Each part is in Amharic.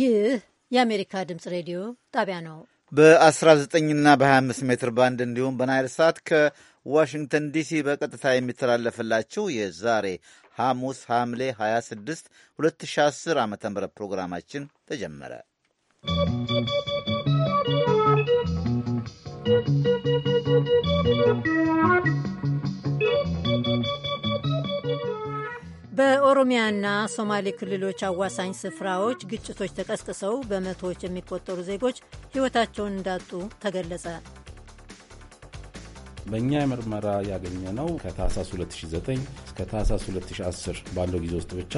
ይህ የአሜሪካ ድምፅ ሬዲዮ ጣቢያ ነው። በ19ና በ25 ሜትር ባንድ እንዲሁም በናይል ሳት ከዋሽንግተን ዲሲ በቀጥታ የሚተላለፍላችሁ የዛሬ ሐሙስ ሐምሌ 26 2010 ዓ ም ፕሮግራማችን ተጀመረ። ¶¶ በኦሮሚያና ሶማሌ ክልሎች አዋሳኝ ስፍራዎች ግጭቶች ተቀስቅሰው በመቶዎች የሚቆጠሩ ዜጎች ሕይወታቸውን እንዳጡ ተገለጸ። በእኛ የምርመራ ያገኘ ነው ከታህሳስ 2009 እስከ ታህሳስ 2010 ባለው ጊዜ ውስጥ ብቻ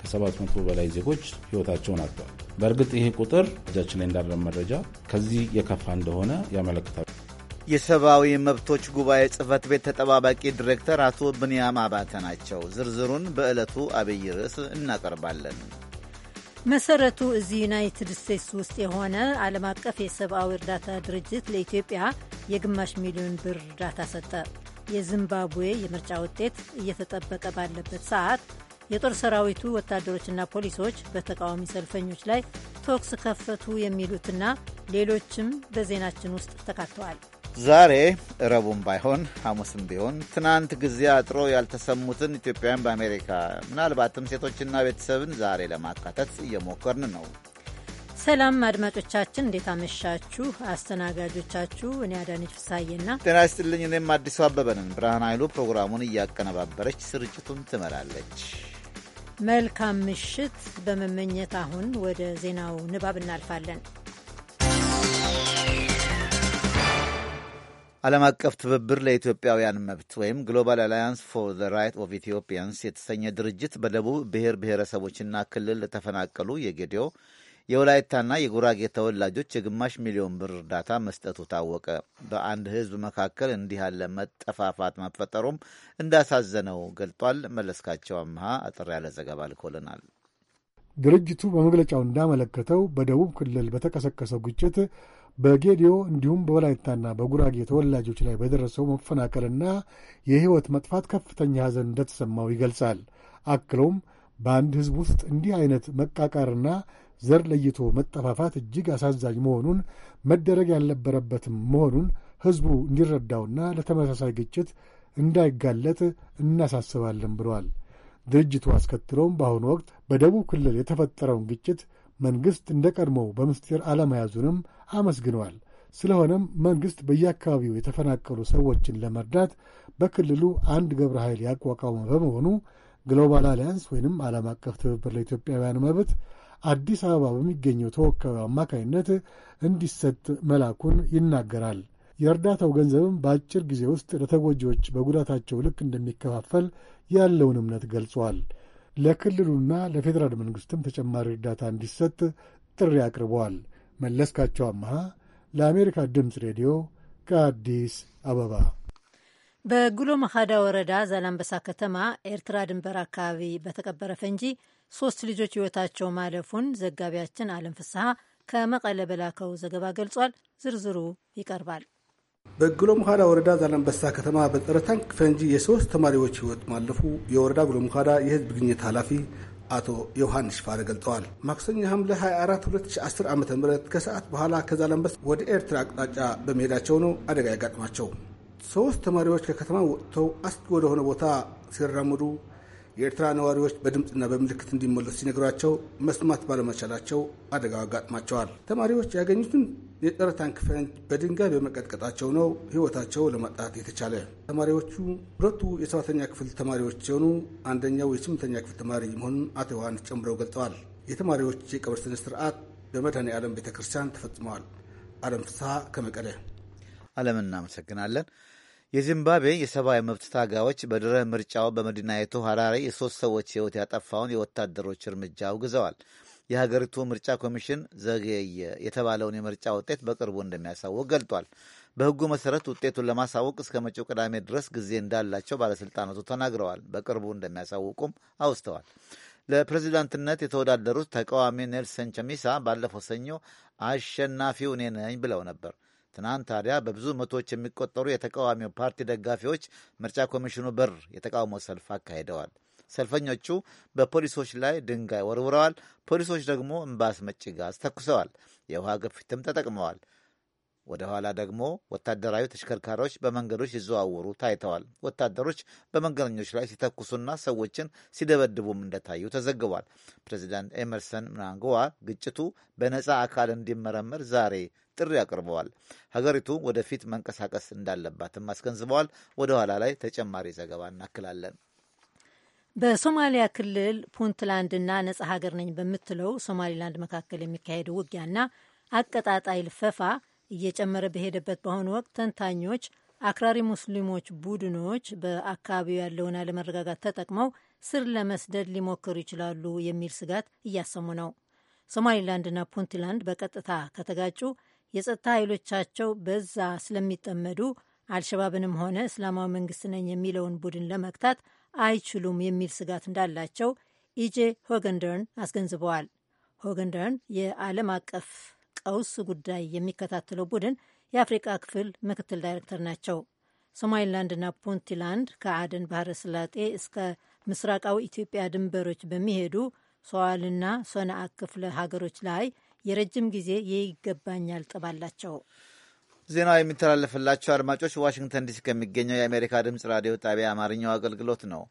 ከ700 በላይ ዜጎች ሕይወታቸውን አጥተዋል። በእርግጥ ይሄ ቁጥር እጃችን ላይ እንዳለን መረጃ ከዚህ የከፋ እንደሆነ ያመለክታል። የሰብአዊ መብቶች ጉባኤ ጽህፈት ቤት ተጠባባቂ ዲሬክተር አቶ ብንያም አባተ ናቸው። ዝርዝሩን በዕለቱ አብይ ርዕስ እናቀርባለን። መሰረቱ እዚህ ዩናይትድ ስቴትስ ውስጥ የሆነ ዓለም አቀፍ የሰብአዊ እርዳታ ድርጅት ለኢትዮጵያ የግማሽ ሚሊዮን ብር እርዳታ ሰጠ። የዚምባብዌ የምርጫ ውጤት እየተጠበቀ ባለበት ሰዓት የጦር ሰራዊቱ ወታደሮችና ፖሊሶች በተቃዋሚ ሰልፈኞች ላይ ተኩስ ከፈቱ የሚሉትና ሌሎችም በዜናችን ውስጥ ተካተዋል። ዛሬ ረቡም ባይሆን ሐሙስም ቢሆን ትናንት ጊዜ አጥሮ ያልተሰሙትን ኢትዮጵያውያን በአሜሪካ ምናልባትም ሴቶችና ቤተሰብን ዛሬ ለማካተት እየሞከርን ነው። ሰላም አድማጮቻችን፣ እንዴት አመሻችሁ? አስተናጋጆቻችሁ እኔ አዳነች ፍሳዬና ጤና ይስጥልኝ። እኔም አዲሱ አበበንን። ብርሃን ኃይሉ ፕሮግራሙን እያቀነባበረች ስርጭቱን ትመራለች። መልካም ምሽት በመመኘት አሁን ወደ ዜናው ንባብ እናልፋለን። ዓለም አቀፍ ትብብር ለኢትዮጵያውያን መብት ወይም ግሎባል አላያንስ ፎር ዘ ራይት ኦፍ ኢትዮጵያንስ የተሰኘ ድርጅት በደቡብ ብሔር ብሔረሰቦችና ክልል ለተፈናቀሉ የጌዲዮ የወላይታና የጉራጌ ተወላጆች የግማሽ ሚሊዮን ብር እርዳታ መስጠቱ ታወቀ። በአንድ ሕዝብ መካከል እንዲህ ያለ መጠፋፋት መፈጠሩም እንዳሳዘነው ገልጧል። መለስካቸው አምሃ አጠር ያለ ዘገባ ልኮልናል። ድርጅቱ በመግለጫው እንዳመለከተው በደቡብ ክልል በተቀሰቀሰው ግጭት በጌዲዮ እንዲሁም በወላይታና በጉራጌ ተወላጆች ላይ በደረሰው መፈናቀልና የሕይወት መጥፋት ከፍተኛ ሐዘን እንደተሰማው ይገልጻል። አክሎም በአንድ ሕዝብ ውስጥ እንዲህ አይነት መቃቃርና ዘር ለይቶ መጠፋፋት እጅግ አሳዛኝ መሆኑን መደረግ ያልነበረበትም መሆኑን ሕዝቡ እንዲረዳውና ለተመሳሳይ ግጭት እንዳይጋለጥ እናሳስባለን ብሏል። ድርጅቱ አስከትሎም በአሁኑ ወቅት በደቡብ ክልል የተፈጠረውን ግጭት መንግሥት እንደ ቀድሞው በምስጢር አለመያዙንም አመስግነዋል። ስለሆነም መንግሥት በየአካባቢው የተፈናቀሉ ሰዎችን ለመርዳት በክልሉ አንድ ግብረ ኃይል ያቋቋመ በመሆኑ ግሎባል አሊያንስ ወይንም ዓለም አቀፍ ትብብር ለኢትዮጵያውያን መብት አዲስ አበባ በሚገኘው ተወካዩ አማካኝነት እንዲሰጥ መላኩን ይናገራል። የእርዳታው ገንዘብም በአጭር ጊዜ ውስጥ ለተጎጂዎች በጉዳታቸው ልክ እንደሚከፋፈል ያለውን እምነት ገልጿል። ለክልሉና ለፌዴራል መንግሥትም ተጨማሪ እርዳታ እንዲሰጥ ጥሪ አቅርበዋል። መለስካቸው አመሃ ለአሜሪካ ድምፅ ሬዲዮ ከአዲስ አበባ። በጉሎ መኻዳ ወረዳ ዛላምበሳ ከተማ ኤርትራ ድንበር አካባቢ በተቀበረ ፈንጂ ሶስት ልጆች ህይወታቸው ማለፉን ዘጋቢያችን አለም ፍስሐ ከመቀለ በላከው ዘገባ ገልጿል። ዝርዝሩ ይቀርባል። በጉሎ መኻዳ ወረዳ ዛላምበሳ ከተማ በጸረ ታንክ ፈንጂ የሶስት ተማሪዎች ህይወት ማለፉ የወረዳ ጉሎ መኻዳ የህዝብ ግኝት ኃላፊ አቶ ዮሐንስ ፋረ ገልጠዋል። ማክሰኞ ሐምሌ 24 2010 ዓ ም ከሰዓት በኋላ ከዛላንበሳ ወደ ኤርትራ አቅጣጫ በመሄዳቸው ነው አደጋ ያጋጥማቸው። ሦስት ተማሪዎች ከከተማ ወጥተው አስጊ ወደሆነ ቦታ ሲራመዱ የኤርትራ ነዋሪዎች በድምፅና በምልክት እንዲመለሱ ሲነግሯቸው መስማት ባለመቻላቸው አደጋው አጋጥማቸዋል። ተማሪዎች ያገኙትን የጨረታን ክፍል በድንጋይ በመቀጥቀጣቸው ነው ሕይወታቸው ለማጣት የተቻለ። ተማሪዎቹ ሁለቱ የሰባተኛ ክፍል ተማሪዎች ሲሆኑ አንደኛው የስምንተኛ ክፍል ተማሪ መሆኑን አቶ ዮሐንስ ጨምረው ገልጸዋል። የተማሪዎች የቀብር ስነ ስርዓት በመድኃኔ ዓለም ቤተ ክርስቲያን ተፈጽመዋል። አለም ፍስሐ ከመቀለ። አለም እናመሰግናለን። የዚምባብዌ የሰብአዊ መብት ታጋዮች በድረ ምርጫው በመዲናይቱ ሀራሪ የሶስት ሰዎች ሕይወት ያጠፋውን የወታደሮች እርምጃ አውግዘዋል። የሀገሪቱ ምርጫ ኮሚሽን ዘገየ የተባለውን የምርጫ ውጤት በቅርቡ እንደሚያሳውቅ ገልጧል። በሕጉ መሰረት ውጤቱን ለማሳወቅ እስከ መጪው ቅዳሜ ድረስ ጊዜ እንዳላቸው ባለስልጣናቱ ተናግረዋል። በቅርቡ እንደሚያሳውቁም አውስተዋል። ለፕሬዚዳንትነት የተወዳደሩት ተቃዋሚ ኔልሰን ቸሚሳ ባለፈው ሰኞ አሸናፊው እኔ ነኝ ብለው ነበር። ትናንት ታዲያ በብዙ መቶዎች የሚቆጠሩ የተቃዋሚው ፓርቲ ደጋፊዎች ምርጫ ኮሚሽኑ በር የተቃውሞ ሰልፍ አካሂደዋል። ሰልፈኞቹ በፖሊሶች ላይ ድንጋይ ወርውረዋል። ፖሊሶች ደግሞ እምባስ መጭ ጋዝ ተኩሰዋል። የውሃ ግፊትም ተጠቅመዋል። ወደ ኋላ ደግሞ ወታደራዊ ተሽከርካሪዎች በመንገዶች ሲዘዋወሩ ታይተዋል። ወታደሮች በመንገደኞች ላይ ሲተኩሱና ሰዎችን ሲደበድቡም እንደታዩ ተዘግቧል። ፕሬዚዳንት ኤመርሰን ምናንጎዋ ግጭቱ በነፃ አካል እንዲመረመር ዛሬ ጥሪ አቅርበዋል። ሀገሪቱ ወደፊት መንቀሳቀስ እንዳለባትም አስገንዝበዋል። ወደ ኋላ ላይ ተጨማሪ ዘገባ እናክላለን። በሶማሊያ ክልል ፑንትላንድና ነጻ ሀገር ነኝ በምትለው ሶማሊላንድ መካከል የሚካሄደው ውጊያና አቀጣጣይ ልፈፋ እየጨመረ በሄደበት በአሁኑ ወቅት ተንታኞች አክራሪ ሙስሊሞች ቡድኖች በአካባቢው ያለውን አለመረጋጋት ተጠቅመው ስር ለመስደድ ሊሞክሩ ይችላሉ የሚል ስጋት እያሰሙ ነው። ሶማሊላንድና ፑንትላንድ በቀጥታ ከተጋጩ የጸጥታ ኃይሎቻቸው በዛ ስለሚጠመዱ አልሸባብንም ሆነ እስላማዊ መንግስት ነኝ የሚለውን ቡድን ለመግታት አይችሉም የሚል ስጋት እንዳላቸው ኢጄ ሆገንደርን አስገንዝበዋል። ሆገንደርን የዓለም አቀፍ ቀውስ ጉዳይ የሚከታተለው ቡድን የአፍሪቃ ክፍል ምክትል ዳይሬክተር ናቸው። ሶማሊላንድና ፑንትላንድ ከአደን ባህረ ስላጤ እስከ ምስራቃዊ ኢትዮጵያ ድንበሮች በሚሄዱ ሰዋልና ሶነአ ክፍለ ሀገሮች ላይ የረጅም ጊዜ የይገባኛል ጥባላቸው ዜናው የሚተላለፍላቸው አድማጮች ዋሽንግተን ዲሲ ከሚገኘው የአሜሪካ ድምፅ ራዲዮ ጣቢያ አማርኛው አገልግሎት ነው።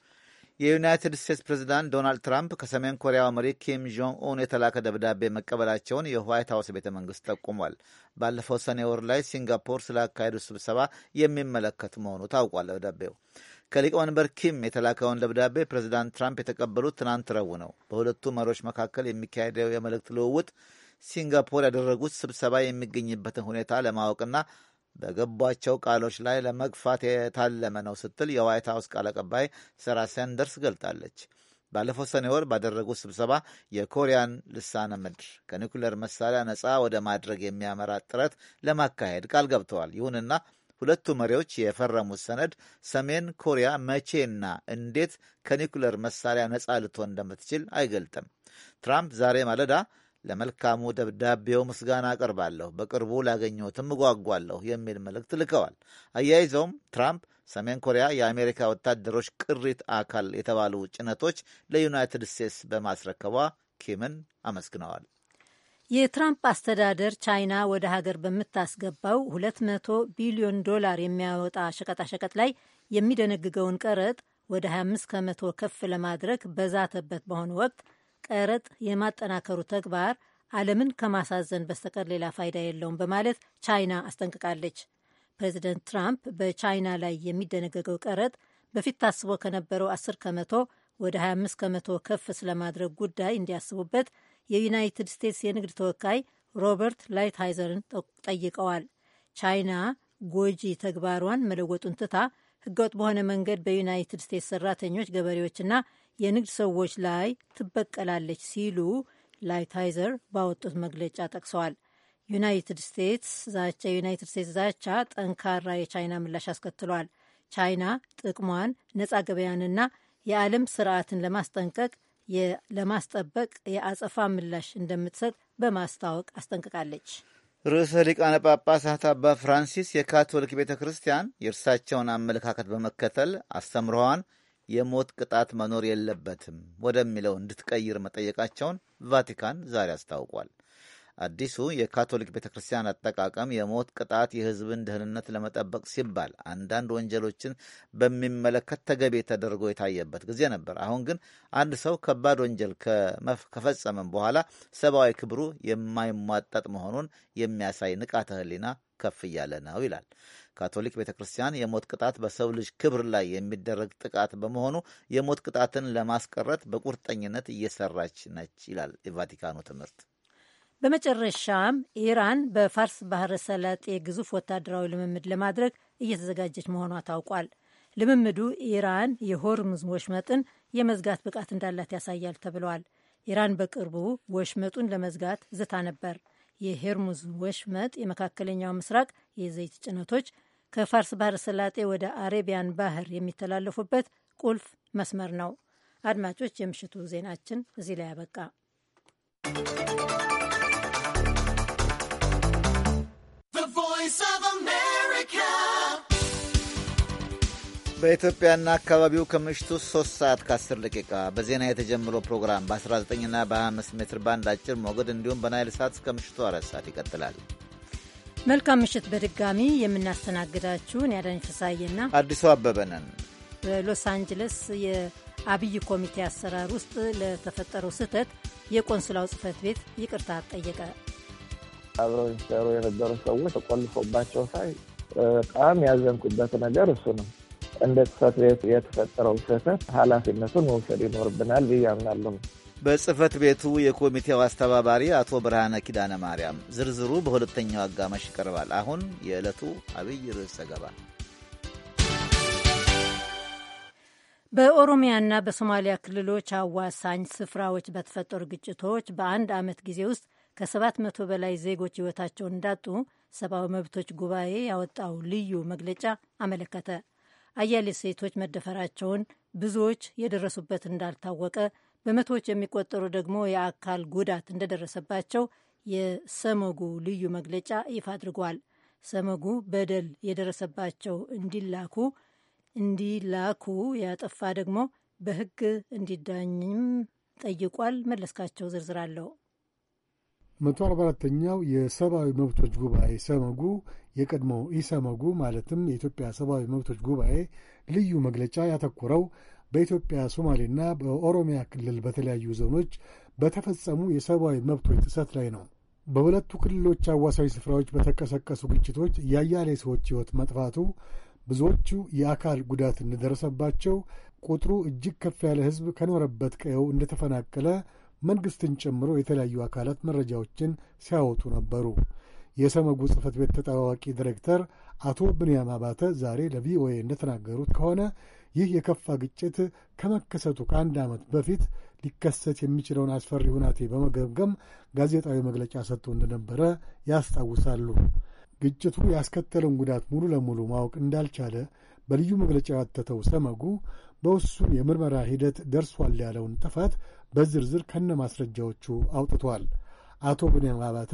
የዩናይትድ ስቴትስ ፕሬዚዳንት ዶናልድ ትራምፕ ከሰሜን ኮሪያው መሪ ኪም ጆንግ ኡን የተላከ ደብዳቤ መቀበላቸውን የዋይት ሀውስ ቤተ መንግስት ጠቁሟል። ባለፈው ሰኔ ወር ላይ ሲንጋፖር ስላካሄዱት ስብሰባ የሚመለከት መሆኑ ታውቋል። ደብዳቤው ከሊቀ ኪም የተላከውን ደብዳቤ ፕሬዚዳንት ትራምፕ የተቀበሉት ትናንት ረቡዕ ነው። በሁለቱ መሪዎች መካከል የሚካሄደው የመልእክት ልውውጥ ሲንጋፖር ያደረጉት ስብሰባ የሚገኝበትን ሁኔታ ለማወቅና በገቧቸው ቃሎች ላይ ለመግፋት የታለመ ነው ስትል የዋይት ሀውስ ቃል አቀባይ ሰራ ሳንደርስ ገልጣለች። ባለፈው ሰኔ ወር ባደረጉት ስብሰባ የኮሪያን ልሳነ ምድር ከኒኩሌር መሳሪያ ነፃ ወደ ማድረግ የሚያመራ ጥረት ለማካሄድ ቃል ገብተዋል። ይሁንና ሁለቱ መሪዎች የፈረሙት ሰነድ ሰሜን ኮሪያ መቼና እንዴት ከኒኩሌር መሳሪያ ነፃ ልትሆን እንደምትችል አይገልጥም። ትራምፕ ዛሬ ማለዳ ለመልካሙ ደብዳቤው ምስጋና አቀርባለሁ፣ በቅርቡ ላገኘሁትም እጓጓለሁ የሚል መልእክት ልከዋል። አያይዘውም ትራምፕ ሰሜን ኮሪያ የአሜሪካ ወታደሮች ቅሪት አካል የተባሉ ጭነቶች ለዩናይትድ ስቴትስ በማስረከቧ ኪምን አመስግነዋል። የትራምፕ አስተዳደር ቻይና ወደ ሀገር በምታስገባው 200 ቢሊዮን ዶላር የሚያወጣ ሸቀጣሸቀጥ ላይ የሚደነግገውን ቀረጥ ወደ 25 ከመቶ ከፍ ለማድረግ በዛተበት በሆነ ወቅት ቀረጥ የማጠናከሩ ተግባር ዓለምን ከማሳዘን በስተቀር ሌላ ፋይዳ የለውም በማለት ቻይና አስጠንቅቃለች። ፕሬዚደንት ትራምፕ በቻይና ላይ የሚደነገገው ቀረጥ በፊት ታስቦ ከነበረው 10 ከመቶ ወደ 25 ከመቶ ከፍ ስለማድረግ ጉዳይ እንዲያስቡበት የዩናይትድ ስቴትስ የንግድ ተወካይ ሮበርት ላይትሃይዘርን ጠይቀዋል። ቻይና ጎጂ ተግባሯን መለወጡን ትታ ህገወጥ በሆነ መንገድ በዩናይትድ ስቴትስ ሰራተኞች፣ ገበሬዎችና የንግድ ሰዎች ላይ ትበቀላለች ሲሉ ላይታይዘር ባወጡት መግለጫ ጠቅሰዋል። ዩናይትድ ስቴትስ ዛቻ የዩናይትድ ስቴትስ ዛቻ ጠንካራ የቻይና ምላሽ አስከትሏል። ቻይና ጥቅሟን፣ ነጻ ገበያንና የዓለም ስርዓትን ለማስጠንቀቅ ለማስጠበቅ የአጸፋ ምላሽ እንደምትሰጥ በማስታወቅ አስጠንቅቃለች። ርዕሰ ሊቃነ ጳጳሳት አባ ፍራንሲስ የካቶሊክ ቤተ ክርስቲያን የእርሳቸውን አመለካከት በመከተል አስተምሮዋን የሞት ቅጣት መኖር የለበትም ወደሚለው እንድትቀይር መጠየቃቸውን ቫቲካን ዛሬ አስታውቋል። አዲሱ የካቶሊክ ቤተ ክርስቲያን አጠቃቀም የሞት ቅጣት የሕዝብን ደህንነት ለመጠበቅ ሲባል አንዳንድ ወንጀሎችን በሚመለከት ተገቢ ተደርጎ የታየበት ጊዜ ነበር። አሁን ግን አንድ ሰው ከባድ ወንጀል ከፈጸመም በኋላ ሰብአዊ ክብሩ የማይሟጠጥ መሆኑን የሚያሳይ ንቃተ ሕሊና ከፍ እያለ ነው ይላል። ካቶሊክ ቤተ ክርስቲያን የሞት ቅጣት በሰው ልጅ ክብር ላይ የሚደረግ ጥቃት በመሆኑ የሞት ቅጣትን ለማስቀረት በቁርጠኝነት እየሰራች ነች ይላል የቫቲካኑ ትምህርት። በመጨረሻም ኢራን በፋርስ ባህረ ሰላጤ ግዙፍ ወታደራዊ ልምምድ ለማድረግ እየተዘጋጀች መሆኗ ታውቋል። ልምምዱ ኢራን የሆርሙዝ ወሽመጥን የመዝጋት ብቃት እንዳላት ያሳያል ተብለዋል። ኢራን በቅርቡ ወሽመጡን ለመዝጋት ዝታ ነበር። የሄርሙዝ ወሽመጥ የመካከለኛው ምስራቅ የዘይት ጭነቶች ከፋርስ ባህረ ሰላጤ ወደ አሬቢያን ባህር የሚተላለፉበት ቁልፍ መስመር ነው። አድማጮች፣ የምሽቱ ዜናችን እዚህ ላይ ያበቃ። በኢትዮጵያና አካባቢው ከምሽቱ 3 ሰዓት ከ10 ደቂቃ በዜና የተጀመረው ፕሮግራም በ19ና በ25 ሜትር ባንድ አጭር ሞገድ እንዲሁም በናይል ሰዓት እስከ ምሽቱ 4 ሰዓት ይቀጥላል። መልካም ምሽት። በድጋሚ የምናስተናግዳችሁን ያዳኝ ፍሳዬና አዲሱ አበበ ነን። በሎስ አንጀለስ የአብይ ኮሚቴ አሰራር ውስጥ ለተፈጠረው ስህተት የቆንስላው ጽህፈት ቤት ይቅርታ ጠየቀ። አብረው የሚሰሩ የነበሩ ሰዎች ተቆልፎባቸው ሳይ በጣም ያዘንኩበት ነገር እሱ ነው። እንደ ጽህፈት ቤት የተፈጠረው ስህተት ኃላፊነቱን መውሰድ ይኖርብናል ብዬ አምናለሁ። በጽህፈት ቤቱ የኮሚቴው አስተባባሪ አቶ ብርሃነ ኪዳነ ማርያም። ዝርዝሩ በሁለተኛው አጋማሽ ይቀርባል። አሁን የዕለቱ አብይ ርዕስ ዘገባ በኦሮሚያና በሶማሊያ ክልሎች አዋሳኝ ስፍራዎች በተፈጠሩ ግጭቶች በአንድ ዓመት ጊዜ ውስጥ ከሰባት መቶ በላይ ዜጎች ህይወታቸውን እንዳጡ ሰብአዊ መብቶች ጉባኤ ያወጣው ልዩ መግለጫ አመለከተ። አያሌ ሴቶች መደፈራቸውን፣ ብዙዎች የደረሱበት እንዳልታወቀ፣ በመቶዎች የሚቆጠሩ ደግሞ የአካል ጉዳት እንደደረሰባቸው የሰመጉ ልዩ መግለጫ ይፋ አድርጓል። ሰመጉ በደል የደረሰባቸው እንዲላኩ እንዲላኩ ያጠፋ ደግሞ በህግ እንዲዳኝም ጠይቋል። መለስካቸው ዝርዝር አለው። መቶ አርባ አራተኛው የሰብአዊ መብቶች ጉባኤ ሰመጉ የቀድሞ ኢሰመጉ ማለትም የኢትዮጵያ ሰብአዊ መብቶች ጉባኤ ልዩ መግለጫ ያተኮረው በኢትዮጵያ ሶማሌና በኦሮሚያ ክልል በተለያዩ ዞኖች በተፈጸሙ የሰብአዊ መብቶች ጥሰት ላይ ነው። በሁለቱ ክልሎች አዋሳኝ ስፍራዎች በተቀሰቀሱ ግጭቶች የአያሌ ሰዎች ሕይወት መጥፋቱ፣ ብዙዎቹ የአካል ጉዳት እንደደረሰባቸው፣ ቁጥሩ እጅግ ከፍ ያለ ሕዝብ ከኖረበት ቀየው እንደተፈናቀለ መንግሥትን ጨምሮ የተለያዩ አካላት መረጃዎችን ሲያወጡ ነበሩ። የሰመጉ ጽህፈት ቤት ተጠባባቂ ዲሬክተር አቶ ብንያም አባተ ዛሬ ለቪኦኤ እንደተናገሩት ከሆነ ይህ የከፋ ግጭት ከመከሰቱ ከአንድ ዓመት በፊት ሊከሰት የሚችለውን አስፈሪ ሁናቴ በመገምገም ጋዜጣዊ መግለጫ ሰጥቶ እንደነበረ ያስታውሳሉ። ግጭቱ ያስከተለውን ጉዳት ሙሉ ለሙሉ ማወቅ እንዳልቻለ በልዩ መግለጫ ያተተው ሰመጉ በውሱ የምርመራ ሂደት ደርሷል ያለውን ጥፋት በዝርዝር ከነማስረጃዎቹ አውጥቷል። አቶ ብንያም አባተ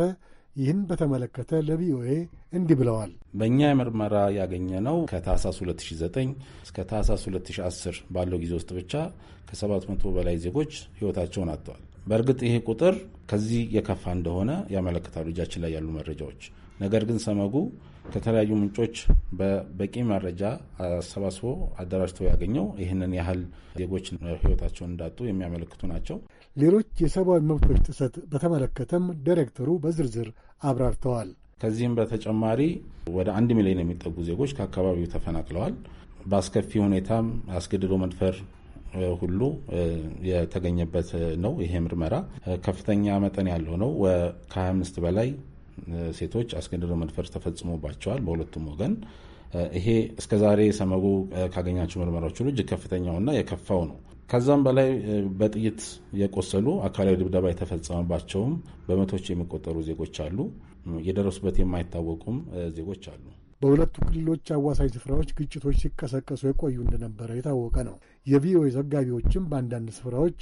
ይህን በተመለከተ ለቪኦኤ እንዲህ ብለዋል። በእኛ የምርመራ ያገኘ ነው ከታህሳስ 2009 እስከ ታህሳስ 2010 ባለው ጊዜ ውስጥ ብቻ ከ700 በላይ ዜጎች ሕይወታቸውን አጥተዋል። በእርግጥ ይሄ ቁጥር ከዚህ የከፋ እንደሆነ ያመለክታሉ እጃችን ላይ ያሉ መረጃዎች። ነገር ግን ሰመጉ ከተለያዩ ምንጮች በበቂ መረጃ አሰባስቦ አደራጅቶ ያገኘው ይህንን ያህል ዜጎች ህይወታቸውን እንዳጡ የሚያመለክቱ ናቸው። ሌሎች የሰብአዊ መብቶች ጥሰት በተመለከተም ዳይሬክተሩ በዝርዝር አብራርተዋል። ከዚህም በተጨማሪ ወደ አንድ ሚሊዮን የሚጠጉ ዜጎች ከአካባቢው ተፈናቅለዋል። በአስከፊ ሁኔታም አስገድዶ መድፈር ሁሉ የተገኘበት ነው። ይሄ ምርመራ ከፍተኛ መጠን ያለው ነው። ከ25 በላይ ሴቶች አስገድዶ መድፈር ተፈጽሞባቸዋል በሁለቱም ወገን። ይሄ እስከዛሬ ሰመጉ ካገኛቸው ምርመራዎች ሁሉ እጅግ ከፍተኛውና የከፋው ነው። ከዛም በላይ በጥይት የቆሰሉ አካላዊ ድብደባ የተፈጸመባቸውም በመቶች የሚቆጠሩ ዜጎች አሉ። የደረሱበት የማይታወቁም ዜጎች አሉ። በሁለቱ ክልሎች አዋሳኝ ስፍራዎች ግጭቶች ሲቀሰቀሱ የቆዩ እንደነበረ የታወቀ ነው። የቪኦኤ ዘጋቢዎችም በአንዳንድ ስፍራዎች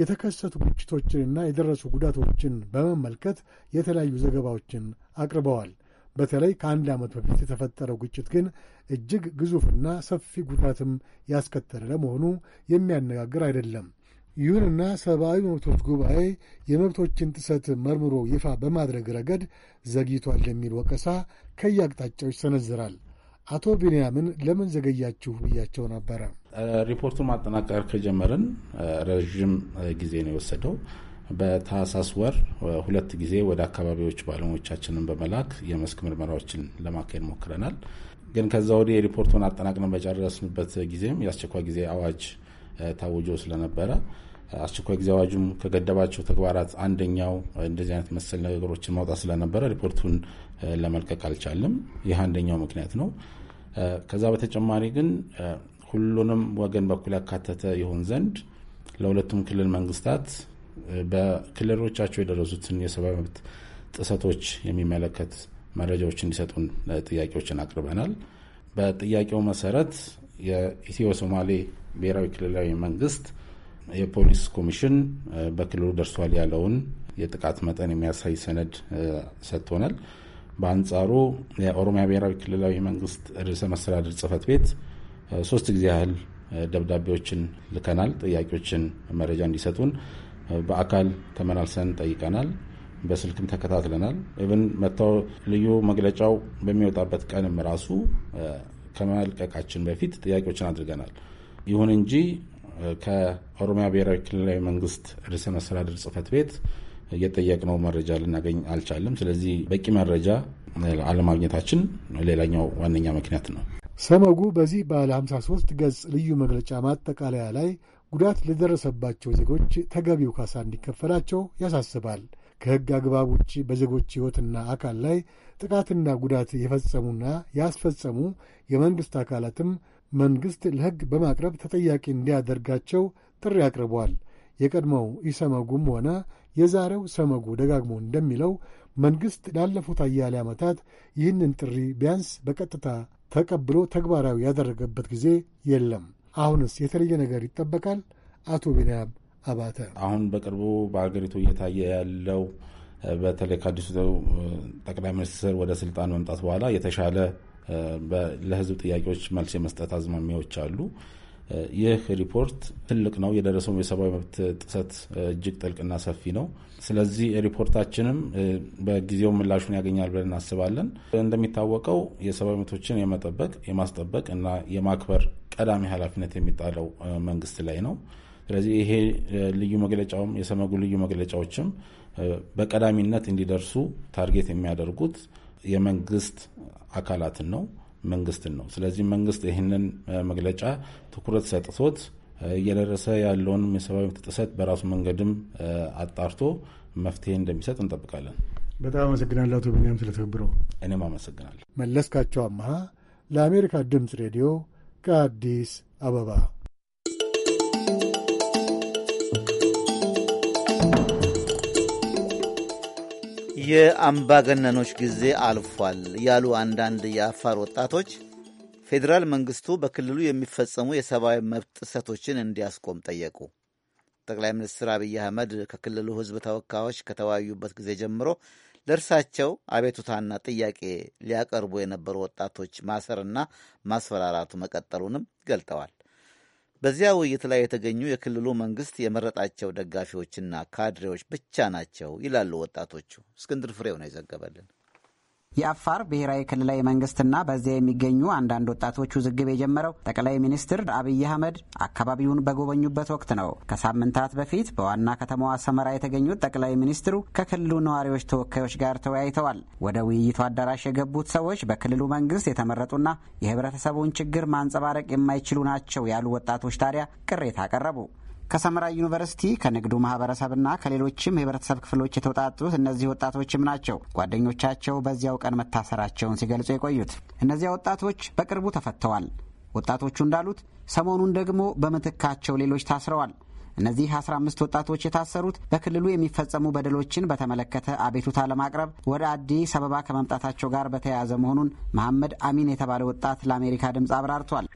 የተከሰቱ ግጭቶችንና የደረሱ ጉዳቶችን በመመልከት የተለያዩ ዘገባዎችን አቅርበዋል። በተለይ ከአንድ ዓመት በፊት የተፈጠረው ግጭት ግን እጅግ ግዙፍና ሰፊ ጉዳትም ያስከተለ ለመሆኑ የሚያነጋግር አይደለም። ይሁንና ሰብአዊ መብቶች ጉባኤ የመብቶችን ጥሰት መርምሮ ይፋ በማድረግ ረገድ ዘግይቷል የሚል ወቀሳ ከየአቅጣጫው ይሰነዝራል። አቶ ቢንያምን ለምን ዘገያችሁ ብያቸው ነበረ። ሪፖርቱን ማጠናቀር ከጀመርን ረዥም ጊዜ ነው የወሰደው። በታህሳስ ወር ሁለት ጊዜ ወደ አካባቢዎች ባለሙያዎቻችንን በመላክ የመስክ ምርመራዎችን ለማካሄድ ሞክረናል። ግን ከዛ ወዲህ ሪፖርቱን አጠናቅነ በጨረስንበት ጊዜም የአስቸኳይ ጊዜ አዋጅ ታውጆ ስለነበረ አስቸኳይ ጊዜ አዋጁም ከገደባቸው ተግባራት አንደኛው እንደዚህ አይነት መሰል ነገሮችን ማውጣት ስለነበረ ሪፖርቱን ለመልቀቅ አልቻለም። ይህ አንደኛው ምክንያት ነው። ከዛ በተጨማሪ ግን ሁሉንም ወገን በኩል ያካተተ ይሆን ዘንድ ለሁለቱም ክልል መንግስታት በክልሎቻቸው የደረሱትን የሰብአዊ መብት ጥሰቶች የሚመለከት መረጃዎች እንዲሰጡን ጥያቄዎችን አቅርበናል። በጥያቄው መሰረት የኢትዮ ሶማሌ ብሔራዊ ክልላዊ መንግስት የፖሊስ ኮሚሽን በክልሉ ደርሷል ያለውን የጥቃት መጠን የሚያሳይ ሰነድ ሰጥቶናል። በአንጻሩ የኦሮሚያ ብሔራዊ ክልላዊ መንግስት ርዕሰ መስተዳድር ጽህፈት ቤት ሶስት ጊዜ ያህል ደብዳቤዎችን ልከናል። ጥያቄዎችን መረጃ እንዲሰጡን በአካል ተመላልሰን ጠይቀናል። በስልክም ተከታትለናል። ኢቨን መጥተው ልዩ መግለጫው በሚወጣበት ቀንም ራሱ ከመልቀቃችን በፊት ጥያቄዎችን አድርገናል። ይሁን እንጂ ከኦሮሚያ ብሔራዊ ክልላዊ መንግስት ርዕሰ መስተዳድር ጽህፈት ቤት እየጠየቅነው መረጃ ልናገኝ አልቻለም። ስለዚህ በቂ መረጃ አለማግኘታችን ሌላኛው ዋነኛ ምክንያት ነው። ሰመጉ በዚህ ባለ 53 ገጽ ልዩ መግለጫ ማጠቃለያ ላይ ጉዳት ለደረሰባቸው ዜጎች ተገቢው ካሳ እንዲከፈላቸው ያሳስባል። ከሕግ አግባብ ውጭ በዜጎች ሕይወትና አካል ላይ ጥቃትና ጉዳት የፈጸሙና ያስፈጸሙ የመንግሥት አካላትም መንግሥት ለሕግ በማቅረብ ተጠያቂ እንዲያደርጋቸው ጥሪ አቅርቧል። የቀድሞው ኢሰመጉም ሆነ የዛሬው ሰመጉ ደጋግሞ እንደሚለው መንግሥት ላለፉት አያሌ ዓመታት ይህንን ጥሪ ቢያንስ በቀጥታ ተቀብሎ ተግባራዊ ያደረገበት ጊዜ የለም። አሁንስ የተለየ ነገር ይጠበቃል? አቶ ቢንያም አባተ አሁን በቅርቡ በሀገሪቱ እየታየ ያለው በተለይ ከአዲሱ ጠቅላይ ሚኒስትር ወደ ስልጣን መምጣት በኋላ የተሻለ ለህዝብ ጥያቄዎች መልስ የመስጠት አዝማሚያዎች አሉ። ይህ ሪፖርት ትልቅ ነው። የደረሰው የሰብአዊ መብት ጥሰት እጅግ ጥልቅና ሰፊ ነው። ስለዚህ ሪፖርታችንም በጊዜው ምላሹን ያገኛል ብለን እናስባለን። እንደሚታወቀው የሰብአዊ መብቶችን የመጠበቅ የማስጠበቅ እና የማክበር ቀዳሚ ኃላፊነት የሚጣለው መንግስት ላይ ነው። ስለዚህ ይሄ ልዩ መግለጫውም የሰመጉ ልዩ መግለጫዎችም በቀዳሚነት እንዲደርሱ ታርጌት የሚያደርጉት የመንግስት አካላትን ነው። መንግስትን ነው። ስለዚህ መንግስት ይህንን መግለጫ ትኩረት ሰጥቶት እየደረሰ ያለውን የሰብአዊ መብት ጥሰት በራሱ መንገድም አጣርቶ መፍትሄ እንደሚሰጥ እንጠብቃለን። በጣም አመሰግናለሁ አቶ ብንያም ስለትብብረው። እኔም አመሰግናለሁ። መለስካቸው አመሃ ለአሜሪካ ድምፅ ሬዲዮ ከአዲስ አበባ የአምባገነኖች ጊዜ አልፏል ያሉ አንዳንድ የአፋር ወጣቶች ፌዴራል መንግስቱ በክልሉ የሚፈጸሙ የሰብአዊ መብት ጥሰቶችን እንዲያስቆም ጠየቁ። ጠቅላይ ሚኒስትር አብይ አህመድ ከክልሉ ሕዝብ ተወካዮች ከተወያዩበት ጊዜ ጀምሮ ለእርሳቸው አቤቱታና ጥያቄ ሊያቀርቡ የነበሩ ወጣቶች ማሰርና ማስፈራራቱ መቀጠሉንም ገልጠዋል። በዚያ ውይይት ላይ የተገኙ የክልሉ መንግስት የመረጣቸው ደጋፊዎችና ካድሬዎች ብቻ ናቸው ይላሉ ወጣቶቹ። እስክንድር ፍሬው ነው የዘገበልን። የአፋር ብሔራዊ ክልላዊ መንግስትና በዚያ የሚገኙ አንዳንድ ወጣቶች ውዝግብ የጀመረው ጠቅላይ ሚኒስትር አብይ አህመድ አካባቢውን በጎበኙበት ወቅት ነው። ከሳምንታት በፊት በዋና ከተማዋ ሰመራ የተገኙት ጠቅላይ ሚኒስትሩ ከክልሉ ነዋሪዎች ተወካዮች ጋር ተወያይተዋል። ወደ ውይይቱ አዳራሽ የገቡት ሰዎች በክልሉ መንግስት የተመረጡና የህብረተሰቡን ችግር ማንጸባረቅ የማይችሉ ናቸው ያሉ ወጣቶች ታዲያ ቅሬታ አቀረቡ። ከሰመራ ዩኒቨርሲቲ ከንግዱ ማህበረሰብና ከሌሎችም የህብረተሰብ ክፍሎች የተውጣጡት እነዚህ ወጣቶችም ናቸው ጓደኞቻቸው በዚያው ቀን መታሰራቸውን ሲገልጹ የቆዩት። እነዚያ ወጣቶች በቅርቡ ተፈተዋል። ወጣቶቹ እንዳሉት ሰሞኑን ደግሞ በምትካቸው ሌሎች ታስረዋል። እነዚህ 15 ወጣቶች የታሰሩት በክልሉ የሚፈጸሙ በደሎችን በተመለከተ አቤቱታ ለማቅረብ ወደ አዲስ አበባ ከመምጣታቸው ጋር በተያያዘ መሆኑን መሐመድ አሚን የተባለ ወጣት ለአሜሪካ ድምፅ አብራርቷል።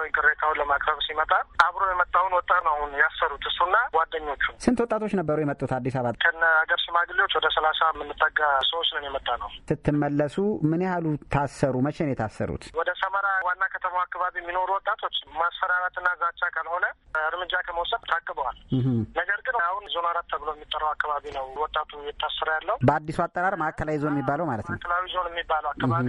ወይ ቅሬታውን ለማቅረብ ሲመጣ አብሮ የመጣውን ወጣት ነው አሁን ያሰሩት እሱና ጓደኞቹ። ስንት ወጣቶች ነበሩ የመጡት አዲስ አበባ? ከነ ሀገር ሽማግሌዎች ወደ ሰላሳ የምንጠጋ ሰዎች ነን የመጣ ነው። ስትመለሱ ምን ያህሉ ታሰሩ? መቼ ነው የታሰሩት? ወደ ሰመራ ዋና ከተማው አካባቢ የሚኖሩ ወጣቶች ማስፈራራትና ዛቻ ካልሆነ እርምጃ ከመውሰድ ታቅበ ቀርበዋል። ነገር ግን አሁን ዞን አራት ተብሎ የሚጠራው አካባቢ ነው ወጣቱ የታሰረ ያለው። በአዲሱ አጠራር ማዕከላዊ ዞን የሚባለው ማለት ነው። ማዕከላዊ ዞን የሚባለው አካባቢ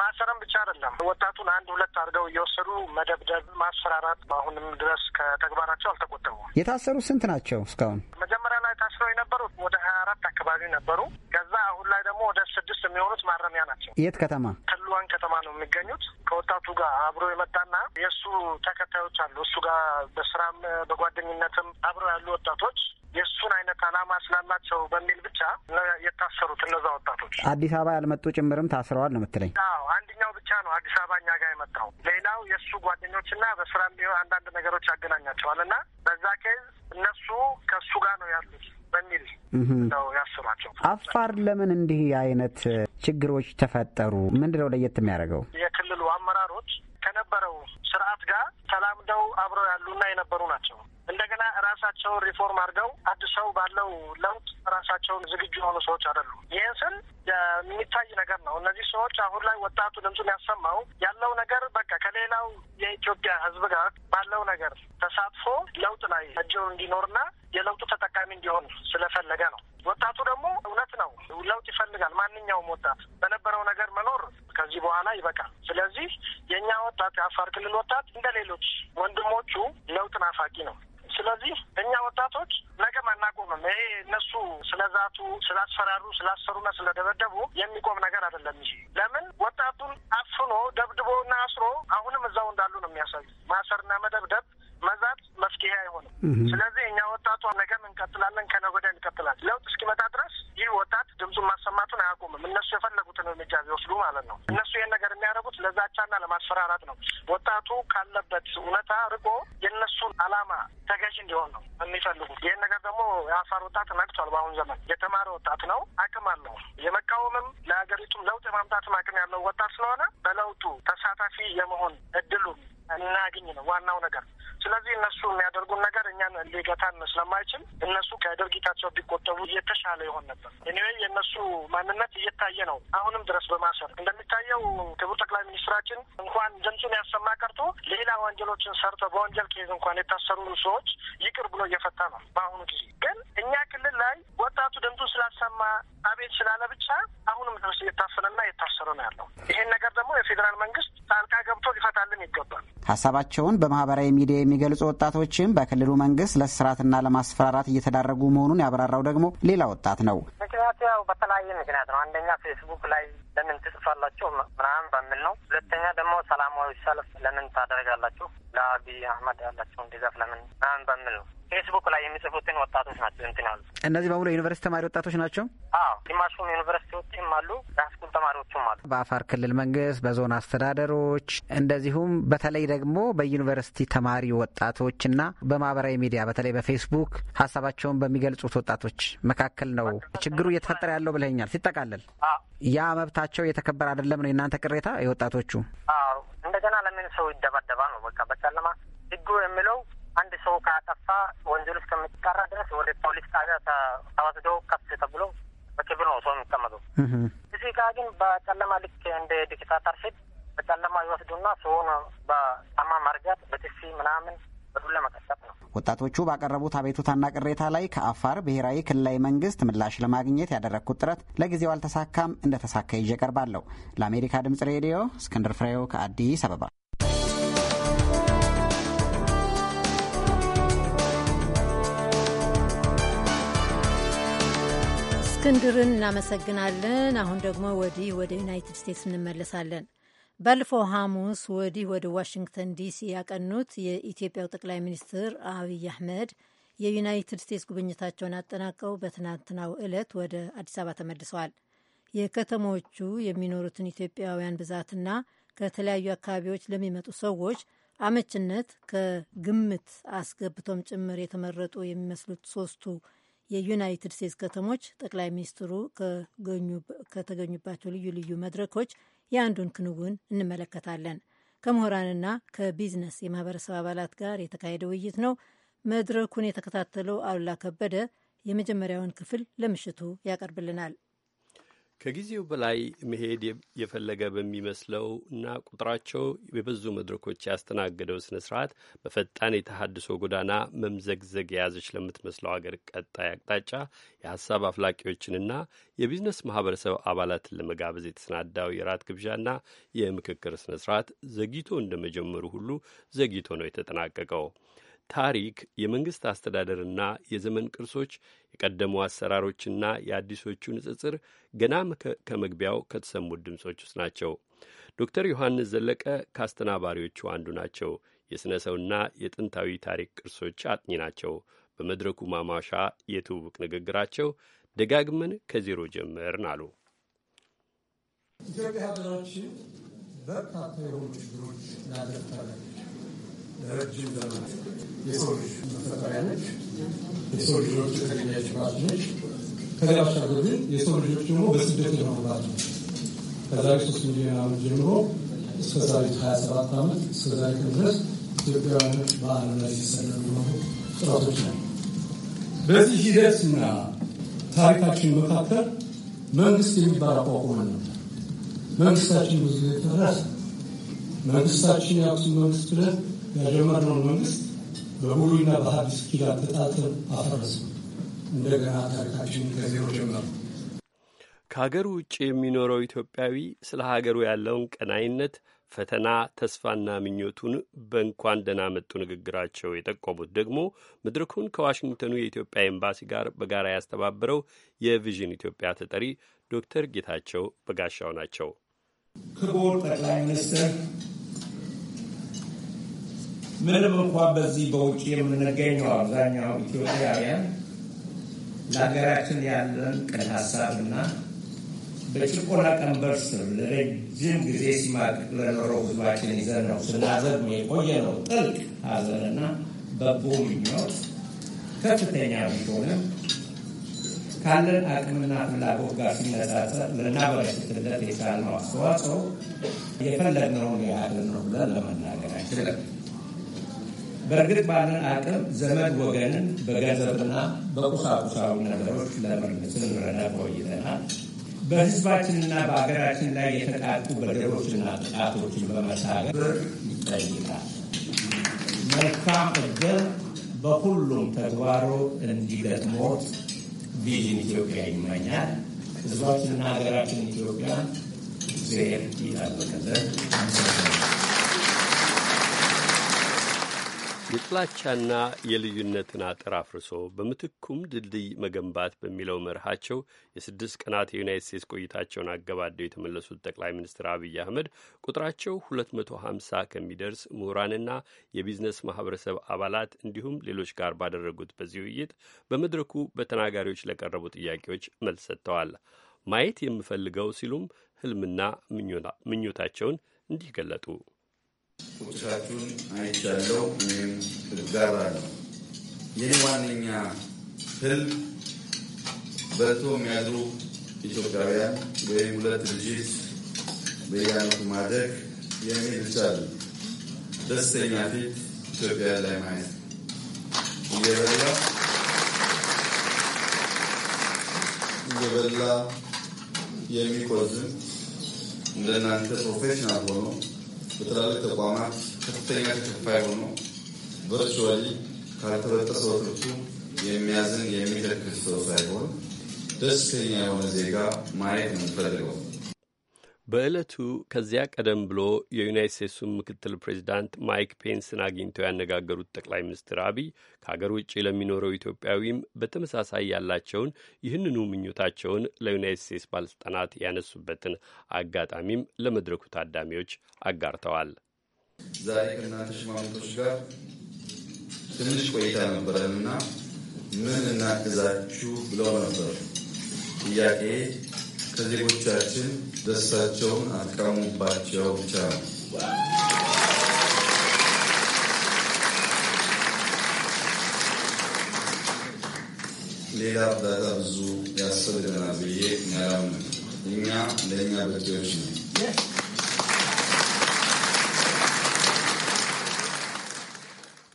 ማሰረም ብቻ አይደለም፣ ወጣቱን አንድ ሁለት አድርገው እየወሰዱ መደብደብ፣ ማሰራራት አሁንም ድረስ ከተግባራቸው አልተቆጠቡም። የታሰሩ ስንት ናቸው እስካሁን? መጀመሪያ ላይ ታስረው የነበሩት ወደ ሀያ አራት አካባቢ ነበሩ። ከዛ አሁን ላይ ደግሞ ወደ ስድስት የሚሆኑት ማረሚያ ናቸው። የት ከተማ? ክልዋን ከተማ ነው የሚገኙት። ከወጣቱ ጋር አብሮ የመጣና የእሱ ተከታዮች አሉ። እሱ ጋር በስራም በጓደኝነት ያሉትም አብረው ያሉ ወጣቶች የእሱን አይነት አላማ ስላላቸው በሚል ብቻ የታሰሩት እነዛ ወጣቶች አዲስ አበባ ያልመጡ ጭምርም ታስረዋል ነው የምትለኝ? አዎ አንድኛው ብቻ ነው አዲስ አበባ እኛ ጋር የመጣው። ሌላው የእሱ ጓደኞችና በስራ ቢሆን አንዳንድ ነገሮች ያገናኛቸዋል እና በዛ ኬዝ እነሱ ከእሱ ጋር ነው ያሉት በሚል ነው ያስሯቸው። አፋር ለምን እንዲህ አይነት ችግሮች ተፈጠሩ? ምንድነው ለየት የሚያደርገው? የክልሉ አመራሮች ከነበረው ስርዓት ጋር ተላምደው አብረው ያሉና የነበሩ ናቸው። እንደገና ራሳቸውን ሪፎርም አድርገው አድሰው ባለው ለውጥ ራሳቸውን ዝግጁ የሆኑ ሰዎች አይደሉም። ይህን ስል የሚታይ ነገር ነው። እነዚህ ሰዎች አሁን ላይ ወጣቱ ድምፁን ያሰማው ያለው ነገር በቃ ከሌላው የኢትዮጵያ ሕዝብ ጋር ባለው ነገር ተሳትፎ ለውጥ ላይ እጅው እንዲኖርና የለውጡ ተጠቃሚ እንዲሆን ስለፈለገ ነው። ወጣቱ ደግሞ እውነት ነው ለውጥ ይፈልጋል። ማንኛውም ወጣት በነበረው ነገር መኖር ከዚህ በኋላ ይበቃል። ስለዚህ የእኛ ወጣት የአፋር ክልል ወጣት እንደ ሌሎች ወንድሞቹ ለውጥ ናፋቂ ነው። ስለዚህ እኛ ወጣቶች ነገም አናቆምም። ይሄ እነሱ ስለዛቱ፣ ስላስፈራሩ፣ ስላሰሩና ስለደበደቡ የሚቆም ነገር አይደለም። ይሄ ለምን ወጣቱን አፍኖ ደብድቦና አስሮ አሁንም እዛው እንዳሉ ነው የሚያሳዩ ማሰርና መደብደብ መዛት መፍትሄ አይሆንም። ስለዚህ እኛ ወጣቷ ነገም እንቀጥላለን፣ ከነገ ወዲያ እንቀጥላለን። ለውጥ እስኪመጣ ድረስ ይህ ወጣት ድምፁን ማሰማቱን አያቆምም። እነሱ የፈለጉትን እርምጃ ቢወስዱ ማለት ነው። እነሱ ይህን ነገር የሚያደርጉት ለዛቻና ለማስፈራራት ነው። ወጣቱ ካለበት እውነታ ርቆ የእነሱን አላማ ተገዥ እንዲሆን ነው የሚፈልጉት። ይህን ነገር ደግሞ የአፋር ወጣት ነቅቷል። በአሁኑ ዘመን የተማረ ወጣት ነው፣ አቅም አለው። የመቃወምም ለሀገሪቱም ለውጥ የማምጣትም አቅም ያለው ወጣት ስለሆነ በለውጡ ተሳታፊ የመሆን እድሉን እናያገኝ ነው ዋናው ነገር። ስለዚህ እነሱ የሚያደርጉን ነገር እኛን ሊገታን ስለማይችል እነሱ ከድርጊታቸው ቢቆጠቡ እየተሻለ ይሆን ነበር። ኤኒዌይ የእነሱ ማንነት እየታየ ነው አሁንም ድረስ በማሰር እንደሚታየው። ክቡር ጠቅላይ ሚኒስትራችን እንኳን ድምፁን ያሰማ ቀርቶ ሌላ ወንጀሎችን ሰርተ በወንጀል ኬዝ እንኳን የታሰሩ ሰዎች ይቅር ብሎ እየፈታ ነው። በአሁኑ ጊዜ ግን እኛ ክልል ላይ ወጣቱ ድምፁን ስላሰማ አቤት ስላለ ብቻ አሁንም ድረስ እየታፈነና እየታሰረ ነው ያለው። ይሄን ነገር ደግሞ የፌዴራል መንግስት ጣልቃ ገብቶ ሊፈታልን ይገባል። ሀሳባቸውን በማህበራዊ ሚዲያ የሚገልጹ ወጣቶችም በክልሉ መንግስት ለስርዓትና ለማስፈራራት እየተዳረጉ መሆኑን ያብራራው ደግሞ ሌላ ወጣት ነው። ምክንያቱ ያው በተለያየ ምክንያት ነው። አንደኛ ፌስቡክ ላይ ለምን ትጽፋላችሁ ምናምን በሚል ነው። ሁለተኛ ደግሞ ሰላማዊ ሰልፍ ለምን ታደርጋላችሁ፣ ለአብይ አህመድ ያላቸውን ድጋፍ ለምን ምናምን በሚል ነው። ፌስቡክ ላይ የሚጽፉትን ወጣቶች ናቸው። እንትን አሉ። እነዚህ በሙሉ የዩኒቨርስቲ ተማሪ ወጣቶች ናቸው። አዎ ግማሹም ዩኒቨርሲቲዎችም አሉ፣ ሃይስኩል ተማሪዎችም አሉ። በአፋር ክልል መንግስት፣ በዞን አስተዳደሮች እንደዚሁም በተለይ ደግሞ በዩኒቨርስቲ ተማሪ ወጣቶችና በማህበራዊ ሚዲያ በተለይ በፌስቡክ ሀሳባቸውን በሚገልጹት ወጣቶች መካከል ነው ችግሩ እየተፈጠረ ያለው ብለኛል። ሲጠቃለል ያ መብታቸው የተከበረ አይደለም ነው የእናንተ ቅሬታ የወጣቶቹ? አዎ እንደገና ለምን ሰው ይደባደባ ነው በቃ በጨለማ ህጉ የሚለው አንድ ሰው ካጠፋ ወንጀሉ እስከሚጣራ ድረስ ወደ ፖሊስ ጣቢያ ተወስዶ ከፍ ተብሎ በክብር ነው ሰው የሚቀመጠው። እዚህ ጋር ግን በጨለማ ልክ እንደ ዲክታተርሺፕ በጨለማ ይወስዱና ሰውን በጠማ ማርጋት፣ በጥፊ ምናምን በዱላ ነው። ወጣቶቹ ባቀረቡት አቤቱታና ቅሬታ ላይ ከአፋር ብሔራዊ ክልላዊ መንግስት ምላሽ ለማግኘት ያደረግኩት ጥረት ለጊዜው አልተሳካም። እንደተሳካ ይዤ እቀርባለሁ። ለአሜሪካ ድምጽ ሬዲዮ እስክንድር ፍሬው ከአዲስ አበባ እስክንድርን እናመሰግናለን። አሁን ደግሞ ወዲህ ወደ ዩናይትድ ስቴትስ እንመለሳለን። ባለፈው ሐሙስ ወዲህ ወደ ዋሽንግተን ዲሲ ያቀኑት የኢትዮጵያው ጠቅላይ ሚኒስትር አብይ አህመድ የዩናይትድ ስቴትስ ጉብኝታቸውን አጠናቀው በትናንትናው ዕለት ወደ አዲስ አበባ ተመልሰዋል። የከተሞቹ የሚኖሩትን ኢትዮጵያውያን ብዛትና ከተለያዩ አካባቢዎች ለሚመጡ ሰዎች አመችነት ከግምት አስገብቶም ጭምር የተመረጡ የሚመስሉት ሶስቱ የዩናይትድ ስቴትስ ከተሞች ጠቅላይ ሚኒስትሩ ከተገኙባቸው ልዩ ልዩ መድረኮች የአንዱን ክንውን እንመለከታለን። ከምሁራንና ከቢዝነስ የማህበረሰብ አባላት ጋር የተካሄደ ውይይት ነው። መድረኩን የተከታተለው አሉላ ከበደ የመጀመሪያውን ክፍል ለምሽቱ ያቀርብልናል። ከጊዜው በላይ መሄድ የፈለገ በሚመስለው እና ቁጥራቸው የበዙ መድረኮች ያስተናገደው ስነ ስርዓት በፈጣን የተሃድሶ ጎዳና መምዘግዘግ የያዘች ለምትመስለው አገር ቀጣይ አቅጣጫ የሀሳብ አፍላቂዎችንና የቢዝነስ ማህበረሰብ አባላትን ለመጋበዝ የተሰናዳው የራት ግብዣና የምክክር ስነ ስርዓት ዘግይቶ እንደመጀመሩ ሁሉ ዘግይቶ ነው የተጠናቀቀው። ታሪክ የመንግስት አስተዳደርና የዘመን ቅርሶች የቀደሙ አሰራሮችና የአዲሶቹ ንጽጽር ገና ከመግቢያው ከተሰሙት ድምፆች ውስጥ ናቸው። ዶክተር ዮሐንስ ዘለቀ ከአስተናባሪዎቹ አንዱ ናቸው። የሥነ ሰውና የጥንታዊ ታሪክ ቅርሶች አጥኚ ናቸው። በመድረኩ ማማሻ የትውውቅ ንግግራቸው ደጋግመን ከዜሮ ጀመርን አሉ። ኢትዮጵያ ሀገራችን በርካታ የሆኑ ችግሮች ከላሻገር ግን የሰው ልጆች ደግሞ በስደት የሆኑ ናቸው። ከዛሬ ሶስት ሚሊዮን ዓመት ጀምሮ እስከ ዛሬ ሀያ ሰባት ዓመት እስከ ዛሬ ድረስ ኢትዮጵያውያኖች በዓለም ላይ ሲሰለሉ ነው ጥረቶች ነው። በዚህ ሂደትና ታሪካችን መካከል መንግስት የሚባል አቋቁመን ነበር። መንግስታችን ብዙ ተራስ መንግስታችን የአክሱም መንግስት ብለን የጀመረውን መንግስት በብሉይና በሐዲስ ኪዳን ተጣጥር አፈረስ። እንደገና ታሪካችን ከዜሮ ጀመሩ። ከሀገር ውጭ የሚኖረው ኢትዮጵያዊ ስለ ሀገሩ ያለውን ቀናይነት ፈተና ተስፋና ምኞቱን በእንኳን ደህና መጡ ንግግራቸው የጠቆሙት ደግሞ መድረኩን ከዋሽንግተኑ የኢትዮጵያ ኤምባሲ ጋር በጋራ ያስተባበረው የቪዥን ኢትዮጵያ ተጠሪ ዶክተር ጌታቸው በጋሻው ናቸው። ክቡር ጠቅላይ ሚኒስትር ምንም እንኳ በዚህ በውጭ የምንገኘው አብዛኛው ኢትዮጵያውያን ለሀገራችን ያለን ቅን ሀሳብና በጭቆና ቀንበር ስር ለረጅም ጊዜ ሲማቅ ለኖረው ህዝባችን ይዘን ነው ስናዘግሙ የቆየ ነው ጥልቅ ሀዘንና በጎ ምኞት ከፍተኛ ቢሆንም ካለን አቅምና ፍላጎት ጋር ሲነጻጸር ልናበረክትለት የቻልነው አስተዋጽኦ የፈለግነውን ያህል ነው ብለን ለመናገር አይችልም። በእርግጥ ባለን አቅም ዘመድ ወገንን በገንዘብና በቁሳቁሳዊ ነገሮች ለመርዳት ስንረዳ ቆይተናል። በህዝባችንና በሀገራችን ላይ የተቃጡ በደሎችና ጥቃቶችን በመሳገር ይጠይቃል። መልካም እድል በሁሉም ተግባሮ እንዲገጥሞት ቪዥን ኢትዮጵያ ይመኛል። ህዝባችንና ሀገራችን ኢትዮጵያ ዜር ይጠብቅልን። የጥላቻና የልዩነትን አጥር አፍርሶ በምትኩም ድልድይ መገንባት በሚለው መርሃቸው የስድስት ቀናት የዩናይት ስቴትስ ቆይታቸውን አገባደው የተመለሱት ጠቅላይ ሚኒስትር አብይ አህመድ ቁጥራቸው 250 ከሚደርስ ምሁራንና የቢዝነስ ማህበረሰብ አባላት እንዲሁም ሌሎች ጋር ባደረጉት በዚህ ውይይት በመድረኩ በተናጋሪዎች ለቀረቡ ጥያቄዎች መልስ ሰጥተዋል። ማየት የምፈልገው ሲሉም ህልምና ምኞታቸውን እንዲህ ገለጡ። ቁስላችሁን አይቻለው፣ እኔም እጋራለሁ። የኔ ዋነኛ ህልም በልቶ የሚያድሩ ኢትዮጵያውያን ወይም ሁለት ልጅት በየዓመቱ ማድረግ የሚል ብቻ ደስተኛ ፊት ኢትዮጵያ ላይ ማየት እየበላ እየበላ የሚቆዝም እንደናንተ ፕሮፌሽናል ሆኖ በትላልቅ ተቋማት ከፍተኛ ተከፋይ ሆኖ ቨርቹዋሊ ካልተበጠሰ ወትርቱ የሚያዝን የሚተክል ሰው ሳይሆን ደስተኛ የሆነ ዜጋ ማየት ነው የምንፈልገው። በዕለቱ ከዚያ ቀደም ብሎ የዩናይት ስቴትሱን ምክትል ፕሬዚዳንት ማይክ ፔንስን አግኝተው ያነጋገሩት ጠቅላይ ሚኒስትር አብይ ከሀገር ውጭ ለሚኖረው ኢትዮጵያዊም በተመሳሳይ ያላቸውን ይህንኑ ምኞታቸውን ለዩናይት ስቴትስ ባለስልጣናት ያነሱበትን አጋጣሚም ለመድረኩ ታዳሚዎች አጋርተዋል። ዛሬ ከእናንተ ሽማምቶች ጋር ትንሽ ቆይታ ነበረንና ምን እናግዛችሁ ብለው ነበር ጥያቄ ከዜጎቻችን ደስታቸውን አትቃሙባቸው ብቻ ነው። ሌላ እርዳታ ብዙ ያስፈልገናል ብዬ ያላምን እኛ ለእኛ በቂዎች ነው።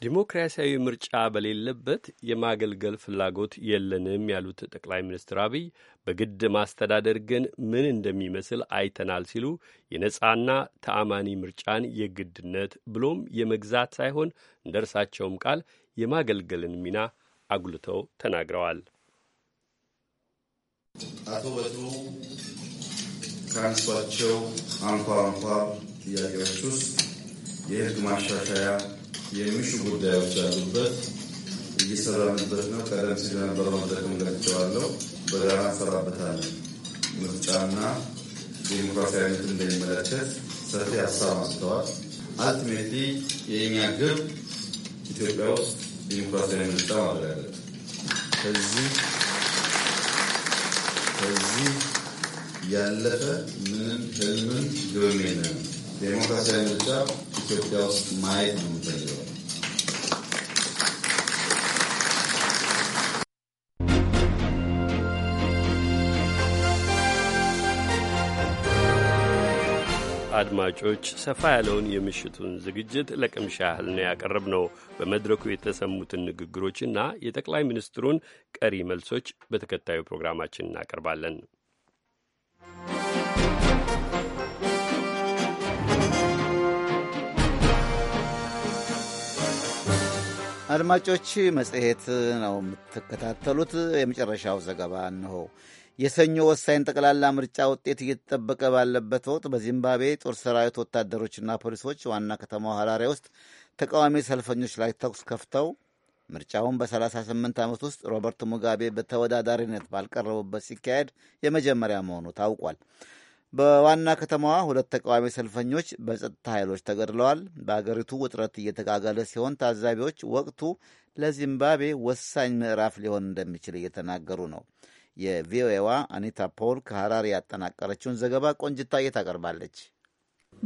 ዲሞክራሲያዊ ምርጫ በሌለበት የማገልገል ፍላጎት የለንም ያሉት ጠቅላይ ሚኒስትር አብይ በግድ ማስተዳደር ግን ምን እንደሚመስል አይተናል ሲሉ የነጻና ተአማኒ ምርጫን የግድነት ብሎም የመግዛት ሳይሆን እንደ እርሳቸውም ቃል የማገልገልን ሚና አጉልተው ተናግረዋል። አቶ በቱ ከአንስቷቸው አንኳር አንኳር ጥያቄዎች ውስጥ የህግ ማሻሻያ የምሹ ጉዳዮች ያሉበት እየሰራንበት ነው። ቀደም ሲል የነበረው መድረክም ገልጨዋለሁ። በጋራ እንሰራበታለን። ምርጫና ዴሞክራሲያዊነት እንደሚመለከት ሰፊ ሀሳብ አንስተዋል። አልቲሜትሊ የእኛ ግብ ኢትዮጵያ ውስጥ ዴሞክራሲያዊ ምርጫ ማድረግ አለብን። ከዚህ ከዚህ ያለፈ ምንም ህልምን ግብም የለንም። ዴሞክራሲያዊ ምርጫ ኢትዮጵያ ውስጥ ማየት ነው የምንፈልገው። አድማጮች ሰፋ ያለውን የምሽቱን ዝግጅት ለቅምሻ ያህል ነው ያቀረብ ነው። በመድረኩ የተሰሙትን ንግግሮችና የጠቅላይ ሚኒስትሩን ቀሪ መልሶች በተከታዩ ፕሮግራማችን እናቀርባለን። አድማጮች መጽሔት ነው የምትከታተሉት። የመጨረሻው ዘገባ እንሆ። የሰኞ ወሳኝ ጠቅላላ ምርጫ ውጤት እየተጠበቀ ባለበት ወቅት በዚምባብዌ ጦር ሰራዊት ወታደሮችና ፖሊሶች ዋና ከተማው ሀራሬ ውስጥ ተቃዋሚ ሰልፈኞች ላይ ተኩስ ከፍተው ምርጫውን በ38 ዓመት ውስጥ ሮበርት ሙጋቤ በተወዳዳሪነት ባልቀረቡበት ሲካሄድ የመጀመሪያ መሆኑ ታውቋል። በዋና ከተማዋ ሁለት ተቃዋሚ ሰልፈኞች በጸጥታ ኃይሎች ተገድለዋል። በአገሪቱ ውጥረት እየተጋጋለ ሲሆን ታዛቢዎች ወቅቱ ለዚምባብዌ ወሳኝ ምዕራፍ ሊሆን እንደሚችል እየተናገሩ ነው። የቪኦኤዋ አኒታ ፖል ከሐራሪ ያጠናቀረችውን ዘገባ ቆንጅታ ታቀርባለች።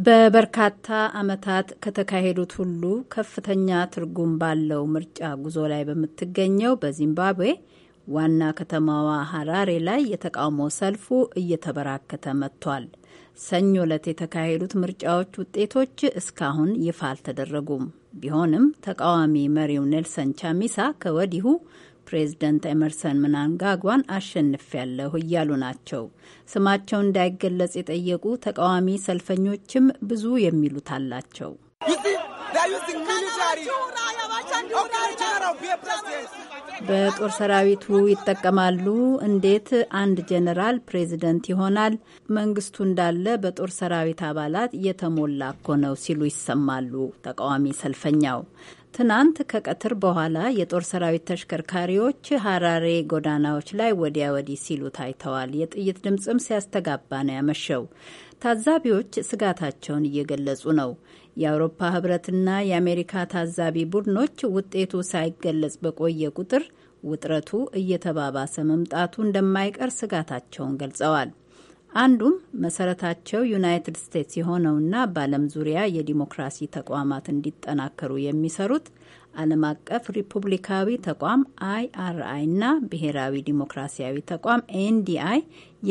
በበርካታ ዓመታት ከተካሄዱት ሁሉ ከፍተኛ ትርጉም ባለው ምርጫ ጉዞ ላይ በምትገኘው በዚምባብዌ ዋና ከተማዋ ሀራሬ ላይ የተቃውሞ ሰልፉ እየተበራከተ መጥቷል። ሰኞ ዕለት የተካሄዱት ምርጫዎች ውጤቶች እስካሁን ይፋ አልተደረጉም። ቢሆንም ተቃዋሚ መሪው ኔልሰን ቻሚሳ ከወዲሁ ፕሬዝደንት ኤመርሰን ምናንጋጓን አሸንፊያለሁ እያሉ ናቸው። ስማቸው እንዳይገለጽ የጠየቁ ተቃዋሚ ሰልፈኞችም ብዙ የሚሉት አላቸው። በጦር ሰራዊቱ ይጠቀማሉ። እንዴት አንድ ጀነራል ፕሬዚደንት ይሆናል? መንግስቱ እንዳለ በጦር ሰራዊት አባላት እየተሞላ እኮ ነው ሲሉ ይሰማሉ ተቃዋሚ ሰልፈኛው። ትናንት ከቀትር በኋላ የጦር ሰራዊት ተሽከርካሪዎች ሀራሬ ጎዳናዎች ላይ ወዲያ ወዲህ ሲሉ ታይተዋል። የጥይት ድምፅም ሲያስተጋባ ነው ያመሸው። ታዛቢዎች ስጋታቸውን እየገለጹ ነው። የአውሮፓ ህብረትና የአሜሪካ ታዛቢ ቡድኖች ውጤቱ ሳይገለጽ በቆየ ቁጥር ውጥረቱ እየተባባሰ መምጣቱ እንደማይቀር ስጋታቸውን ገልጸዋል። አንዱም መሰረታቸው ዩናይትድ ስቴትስ የሆነውና በዓለም ዙሪያ የዲሞክራሲ ተቋማት እንዲጠናከሩ የሚሰሩት ዓለም አቀፍ ሪፑብሊካዊ ተቋም አይአርአይ እና ብሔራዊ ዲሞክራሲያዊ ተቋም ኤንዲአይ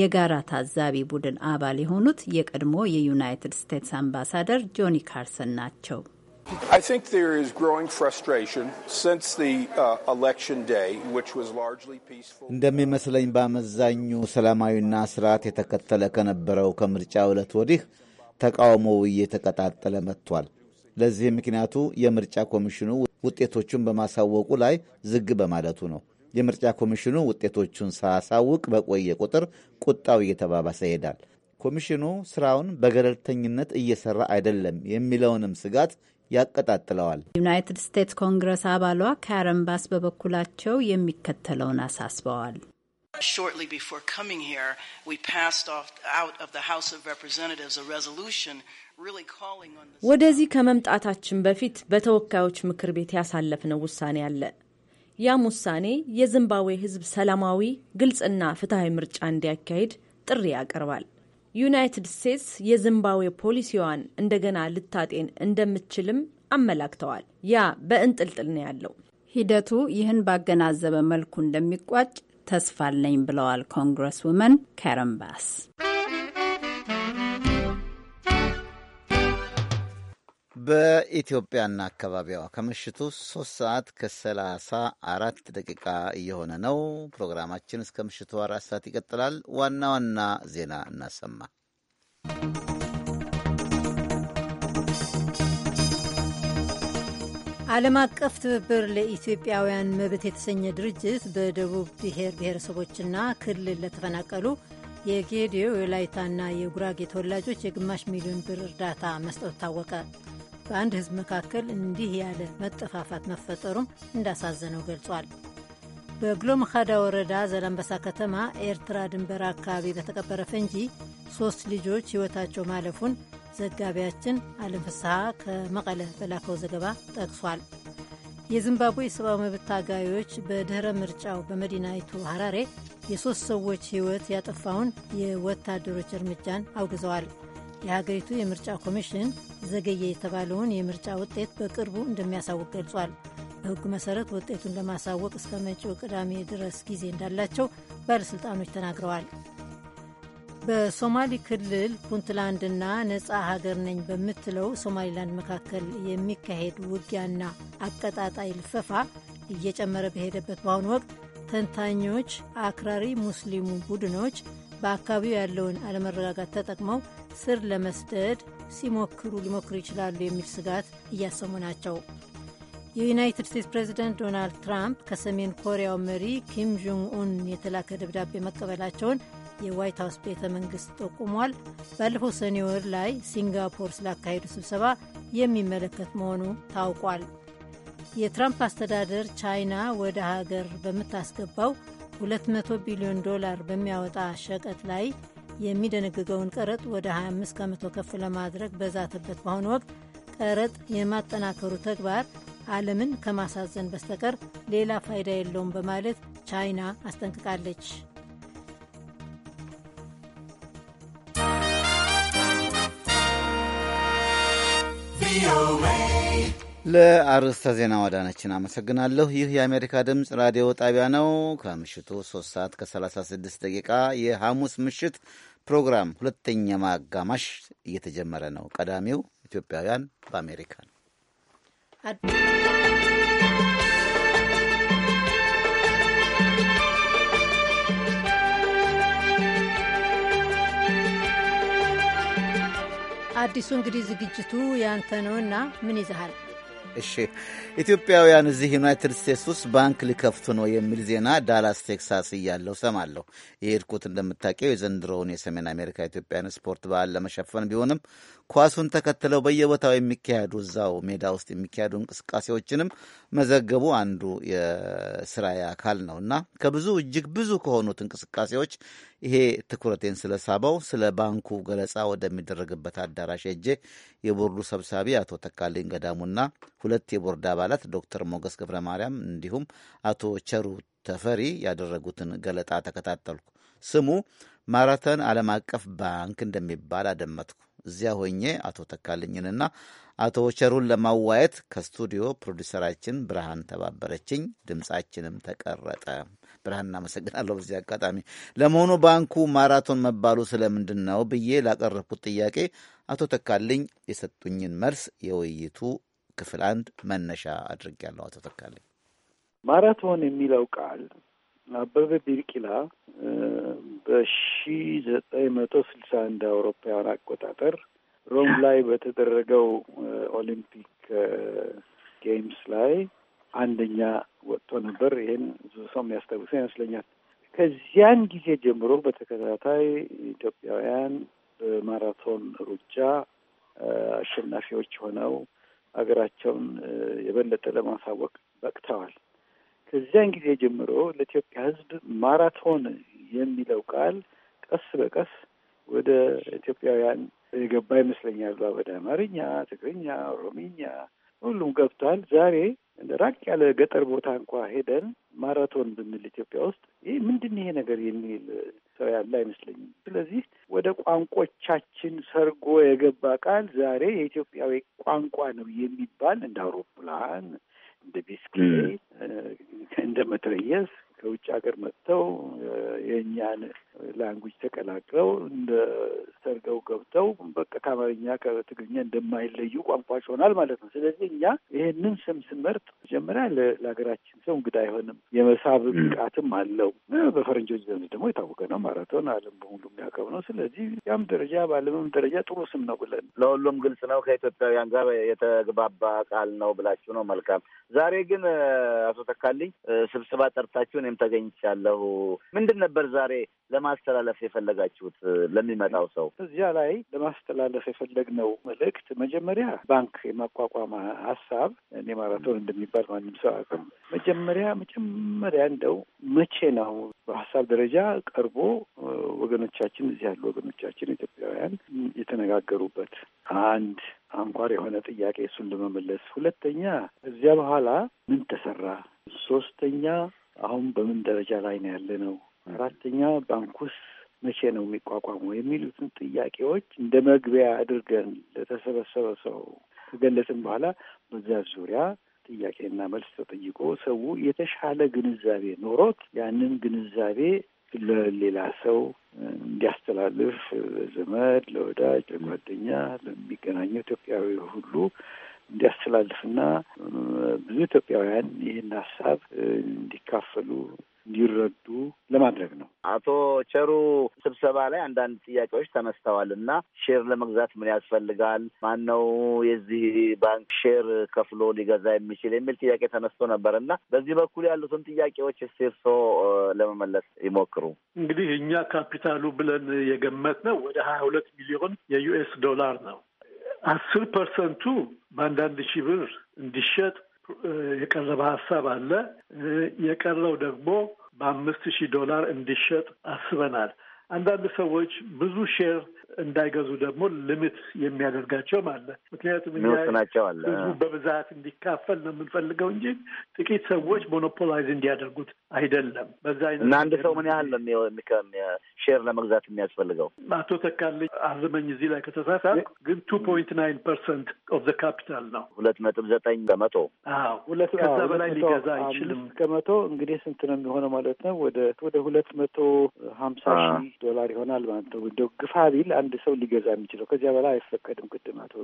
የጋራ ታዛቢ ቡድን አባል የሆኑት የቀድሞ የዩናይትድ ስቴትስ አምባሳደር ጆኒ ካርሰን ናቸው። እንደሚመስለኝ በአመዛኙ ሰላማዊና ስርዓት የተከተለ ከነበረው ከምርጫ ዕለት ወዲህ ተቃውሞው እየተቀጣጠለ መጥቷል። ለዚህ ምክንያቱ የምርጫ ኮሚሽኑ ውጤቶቹን በማሳወቁ ላይ ዝግ በማለቱ ነው። የምርጫ ኮሚሽኑ ውጤቶቹን ሳያሳውቅ በቆየ ቁጥር ቁጣው እየተባባሰ ይሄዳል። ኮሚሽኑ ስራውን በገለልተኝነት እየሰራ አይደለም የሚለውንም ስጋት ያቀጣጥለዋል። ዩናይትድ ስቴትስ ኮንግረስ አባሏ ካረን ባስ በበኩላቸው የሚከተለውን አሳስበዋል። ወደዚህ ከመምጣታችን በፊት በተወካዮች ምክር ቤት ያሳለፍነው ውሳኔ አለ። ያም ውሳኔ የዚምባብዌ ሕዝብ ሰላማዊ፣ ግልጽና ፍትሐዊ ምርጫ እንዲያካሄድ ጥሪ ያቀርባል። ዩናይትድ ስቴትስ የዚምባብዌ ፖሊሲዋን እንደገና ልታጤን እንደምትችልም አመላክተዋል። ያ በእንጥልጥል ነው ያለው። ሂደቱ ይህን ባገናዘበ መልኩ እንደሚቋጭ ተስፋ ብለዋል ኮንግረስ ውመን ካረን ባስ። በኢትዮጵያና አካባቢዋ ከምሽቱ 3 ሰዓት ከ አራት ደቂቃ እየሆነ ነው። ፕሮግራማችን እስከ ምሽቱ አራት ሰዓት ይቀጥላል። ዋና ዋና ዜና እናሰማ። ዓለም አቀፍ ትብብር ለኢትዮጵያውያን መብት የተሰኘ ድርጅት በደቡብ ብሔር ብሔረሰቦችና ክልል ለተፈናቀሉ የጌዲዮ የወላይታና የጉራጌ ተወላጆች የግማሽ ሚሊዮን ብር እርዳታ መስጠቱ ታወቀ። በአንድ ህዝብ መካከል እንዲህ ያለ መጠፋፋት መፈጠሩም እንዳሳዘነው ገልጿል። በግሎ ወረዳ ዘላንበሳ ከተማ ኤርትራ ድንበር አካባቢ በተቀበረ ፈንጂ ሶስት ልጆች ሕይወታቸው ማለፉን ዘጋቢያችን አለም ፍስሐ ከመቀለ በላከው ዘገባ ጠቅሷል። የዚምባብዌ ሰብአዊ መብት ታጋዮች በድኅረ ምርጫው በመዲናይቱ ሐራሬ የሦስት ሰዎች ሕይወት ያጠፋውን የወታደሮች እርምጃን አውግዘዋል። የሀገሪቱ የምርጫ ኮሚሽን ዘገየ የተባለውን የምርጫ ውጤት በቅርቡ እንደሚያሳውቅ ገልጿል። በሕጉ መሰረት ውጤቱን ለማሳወቅ እስከ መጪው ቅዳሜ ድረስ ጊዜ እንዳላቸው ባለሥልጣኖች ተናግረዋል። በሶማሊ ክልል ፑንትላንድና ነጻ ሀገር ነኝ በምትለው ሶማሊላንድ መካከል የሚካሄድ ውጊያና አቀጣጣይ ልፈፋ እየጨመረ በሄደበት በአሁኑ ወቅት ተንታኞች አክራሪ ሙስሊሙ ቡድኖች በአካባቢው ያለውን አለመረጋጋት ተጠቅመው ስር ለመስደድ ሲሞክሩ ሊሞክሩ ይችላሉ የሚል ስጋት እያሰሙ ናቸው። የዩናይትድ ስቴትስ ፕሬዚደንት ዶናልድ ትራምፕ ከሰሜን ኮሪያው መሪ ኪም ጆንግ ኡን የተላከ ደብዳቤ መቀበላቸውን የዋይት ሀውስ ቤተ መንግስት ጠቁሟል። ባለፈው ሰኔ ወር ላይ ሲንጋፖር ስላካሄዱ ስብሰባ የሚመለከት መሆኑ ታውቋል። የትራምፕ አስተዳደር ቻይና ወደ ሀገር በምታስገባው 200 ቢሊዮን ዶላር በሚያወጣ ሸቀጥ ላይ የሚደነግገውን ቀረጥ ወደ 25 ከመቶ ከፍ ለማድረግ በዛተበት በአሁኑ ወቅት ቀረጥ የማጠናከሩ ተግባር ዓለምን ከማሳዘን በስተቀር ሌላ ፋይዳ የለውም በማለት ቻይና አስጠንቅቃለች። ቪኦኤ ለአርዕስተ ዜና ዋዳነችን አመሰግናለሁ። ይህ የአሜሪካ ድምፅ ራዲዮ ጣቢያ ነው። ከምሽቱ 3 ሰዓት ከ36 ደቂቃ የሐሙስ ምሽት ፕሮግራም ሁለተኛ ማጋማሽ እየተጀመረ ነው። ቀዳሚው ኢትዮጵያውያን በአሜሪካ ነው። አዲሱ እንግዲህ ዝግጅቱ ያንተ ነውና ምን ይዘሃል? እሺ ኢትዮጵያውያን እዚህ ዩናይትድ ስቴትስ ውስጥ ባንክ ሊከፍቱ ነው የሚል ዜና ዳላስ ቴክሳስ እያለሁ ሰማለሁ። የሄድኩት እንደምታውቂው የዘንድሮውን የሰሜን አሜሪካ ኢትዮጵያን ስፖርት በዓል ለመሸፈን ቢሆንም ኳሱን ተከትለው በየቦታው የሚካሄዱ እዛው ሜዳ ውስጥ የሚካሄዱ እንቅስቃሴዎችንም መዘገቡ አንዱ የስራ አካል ነው እና ከብዙ እጅግ ብዙ ከሆኑት እንቅስቃሴዎች ይሄ ትኩረቴን ስለሳበው ስለ ባንኩ ገለጻ ወደሚደረግበት አዳራሽ ሄጄ የቦርዱ ሰብሳቢ አቶ ተካልኝ ገዳሙና ሁለት የቦርድ አባላት ዶክተር ሞገስ ገብረ ማርያም እንዲሁም አቶ ቸሩ ተፈሪ ያደረጉትን ገለጣ ተከታተልኩ። ስሙ ማራተን ዓለም አቀፍ ባንክ እንደሚባል አደመጥኩ። እዚያ ሆኜ አቶ ተካልኝንና አቶ ወቸሩን ለማዋየት ከስቱዲዮ ፕሮዲሰራችን ብርሃን ተባበረችኝ። ድምጻችንም ተቀረጠ። ብርሃን እናመሰግናለሁ። በዚህ አጋጣሚ ለመሆኑ ባንኩ ማራቶን መባሉ ስለምንድን ነው ብዬ ላቀረብኩት ጥያቄ አቶ ተካልኝ የሰጡኝን መልስ የውይይቱ ክፍል አንድ መነሻ አድርጌያለሁ። አቶ ተካልኝ ማራቶን የሚለው ቃል አበበ ቢቂላ በሺ ዘጠኝ መቶ ስልሳ አንድ አውሮፓውያን አቆጣጠር ሮም ላይ በተደረገው ኦሊምፒክ ጌምስ ላይ አንደኛ ወጥቶ ነበር። ይህን ብዙ ሰው የሚያስታውሰው ይመስለኛል። ከዚያን ጊዜ ጀምሮ በተከታታይ ኢትዮጵያውያን በማራቶን ሩጫ አሸናፊዎች ሆነው ሀገራቸውን የበለጠ ለማሳወቅ በቅተዋል። ከዚያን ጊዜ ጀምሮ ለኢትዮጵያ ሕዝብ ማራቶን የሚለው ቃል ቀስ በቀስ ወደ ኢትዮጵያውያን የገባ ይመስለኛል። ወደ አማርኛ፣ ትግርኛ፣ ኦሮሚኛ ሁሉም ገብቷል። ዛሬ እንደ ራቅ ያለ ገጠር ቦታ እንኳ ሄደን ማራቶን ብንል ኢትዮጵያ ውስጥ ይህ ምንድን ይሄ ነገር የሚል ሰው ያለ አይመስለኝም። ስለዚህ ወደ ቋንቆቻችን ሰርጎ የገባ ቃል ዛሬ የኢትዮጵያዊ ቋንቋ ነው የሚባል እንደ አውሮፕላን de viscree mm. uh, in the materials. years. ከውጭ ሀገር መጥተው የእኛን ላንጉጅ ተቀላቅለው እንደ ሰርገው ገብተው በቃ ከአማርኛ ከትግርኛ እንደማይለዩ ቋንቋች ሆናል ማለት ነው። ስለዚህ እኛ ይህንን ስም ስንመርጥ መጀመሪያ ለሀገራችን ሰው እንግዳ አይሆንም፣ የመሳብ ብቃትም አለው። በፈረንጆች ዘንድ ደግሞ የታወቀ ነው። ማራቶን ዓለም በሙሉ የሚያውቀው ነው። ስለዚህ ያም ደረጃ በዓለምም ደረጃ ጥሩ ስም ነው ብለን ለሁሉም ግልጽ ነው። ከኢትዮጵያውያን ጋር የተግባባ ቃል ነው ብላችሁ ነው። መልካም። ዛሬ ግን አቶ ተካልኝ ስብሰባ ጠርታችሁን እኔም ተገኝቻለሁ። ምንድን ነበር ዛሬ ለማስተላለፍ የፈለጋችሁት ለሚመጣው ሰው? እዚያ ላይ ለማስተላለፍ የፈለግነው መልእክት መጀመሪያ ባንክ የማቋቋም ሀሳብ እኔ ማራቶን እንደሚባል ማንም ሰው አቅም መጀመሪያ መጀመሪያ እንደው መቼ ነው በሀሳብ ደረጃ ቀርቦ ወገኖቻችን እዚህ ያሉ ወገኖቻችን ኢትዮጵያውያን የተነጋገሩበት አንድ አንኳር የሆነ ጥያቄ እሱን ለመመለስ ሁለተኛ፣ እዚያ በኋላ ምን ተሰራ፣ ሶስተኛ አሁን በምን ደረጃ ላይ ነው ያለ ነው፣ አራተኛ ባንኩስ መቼ ነው የሚቋቋመው የሚሉትን ጥያቄዎች እንደ መግቢያ አድርገን ለተሰበሰበ ሰው ከገለጽን በኋላ በዚያ ዙሪያ ጥያቄና መልስ ተጠይቆ ሰው የተሻለ ግንዛቤ ኖሮት ያንን ግንዛቤ ለሌላ ሰው እንዲያስተላልፍ ዘመድ፣ ለወዳጅ፣ ለጓደኛ፣ ለሚገናኘው ኢትዮጵያዊ ሁሉ እንዲያስተላልፍና ብዙ ኢትዮጵያውያን ይህን ሀሳብ እንዲካፈሉ እንዲረዱ ለማድረግ ነው። አቶ ቸሩ ስብሰባ ላይ አንዳንድ ጥያቄዎች ተነስተዋል እና ሼር ለመግዛት ምን ያስፈልጋል? ማን ነው የዚህ ባንክ ሼር ከፍሎ ሊገዛ የሚችል የሚል ጥያቄ ተነስቶ ነበር እና በዚህ በኩል ያሉትን ጥያቄዎች እስኪ እርስዎ ለመመለስ ይሞክሩ። እንግዲህ እኛ ካፒታሉ ብለን የገመት ነው ወደ ሀያ ሁለት ሚሊዮን የዩኤስ ዶላር ነው አስር ፐርሰንቱ በአንዳንድ ሺ ብር እንዲሸጥ የቀረበ ሀሳብ አለ። የቀረው ደግሞ በአምስት ሺህ ዶላር እንዲሸጥ አስበናል። አንዳንድ ሰዎች ብዙ ሼር እንዳይገዙ ደግሞ ልምት የሚያደርጋቸውም አለ። ምክንያቱም ናቸው አለ ህዝቡ በብዛት እንዲካፈል ነው የምንፈልገው እንጂ ጥቂት ሰዎች ሞኖፖላይዝ እንዲያደርጉት አይደለም። በዛ አይነት እና አንድ ሰው ምን ያህል ሼር ለመግዛት የሚያስፈልገው? አቶ ተካልኝ አርዝመኝ እዚህ ላይ ከተሳሳትኩ ግን ቱ ፖይንት ናይን ፐርሰንት ኦፍ ዘ ካፒታል ነው ሁለት ነጥብ ዘጠኝ ከመቶ ሁለት ከዛ በላይ ሊገዛ አይችልም። ከመቶ እንግዲህ ስንት ነው የሚሆነው ማለት ነው? ወደ ወደ ሁለት መቶ ሀምሳ ሺህ ዶላር ይሆናል ማለት ነው ግፋ ቢል አንድ ሰው ሊገዛ የሚችለው ከዚያ በላይ አይፈቀድም። ቅድም አቶ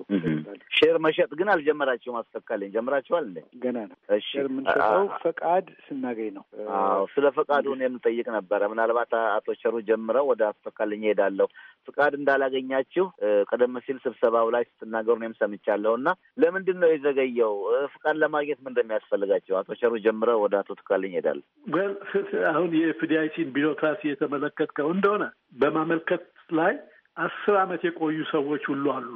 ሼር መሸጥ ግን አልጀመራቸውም። አስፈካለኝ ጀምራቸዋል እንዴ? ገና ነው። ሼር የምንሸጠው ፈቃድ ስናገኝ ነው። አዎ ስለ ፈቃዱን የምንጠይቅ ነበረ። ምናልባት አቶ ሸሩ ጀምረው ወደ አስፈካለኝ ይሄዳለሁ። ፍቃድ እንዳላገኛችሁ ቀደም ሲል ስብሰባው ላይ ስትናገሩ እኔም ሰምቻለሁ። እና ለምንድን ነው የዘገየው? ፍቃድ ለማግኘት ምን እንደሚያስፈልጋቸው አቶ ሸሩ ጀምረው ወደ አቶ ትካልኝ እሄዳለሁ። አሁን የኤፍዲአይሲን ቢሮክራሲ የተመለከትከው እንደሆነ በማመልከት ላይ አስር ዓመት የቆዩ ሰዎች ሁሉ አሉ።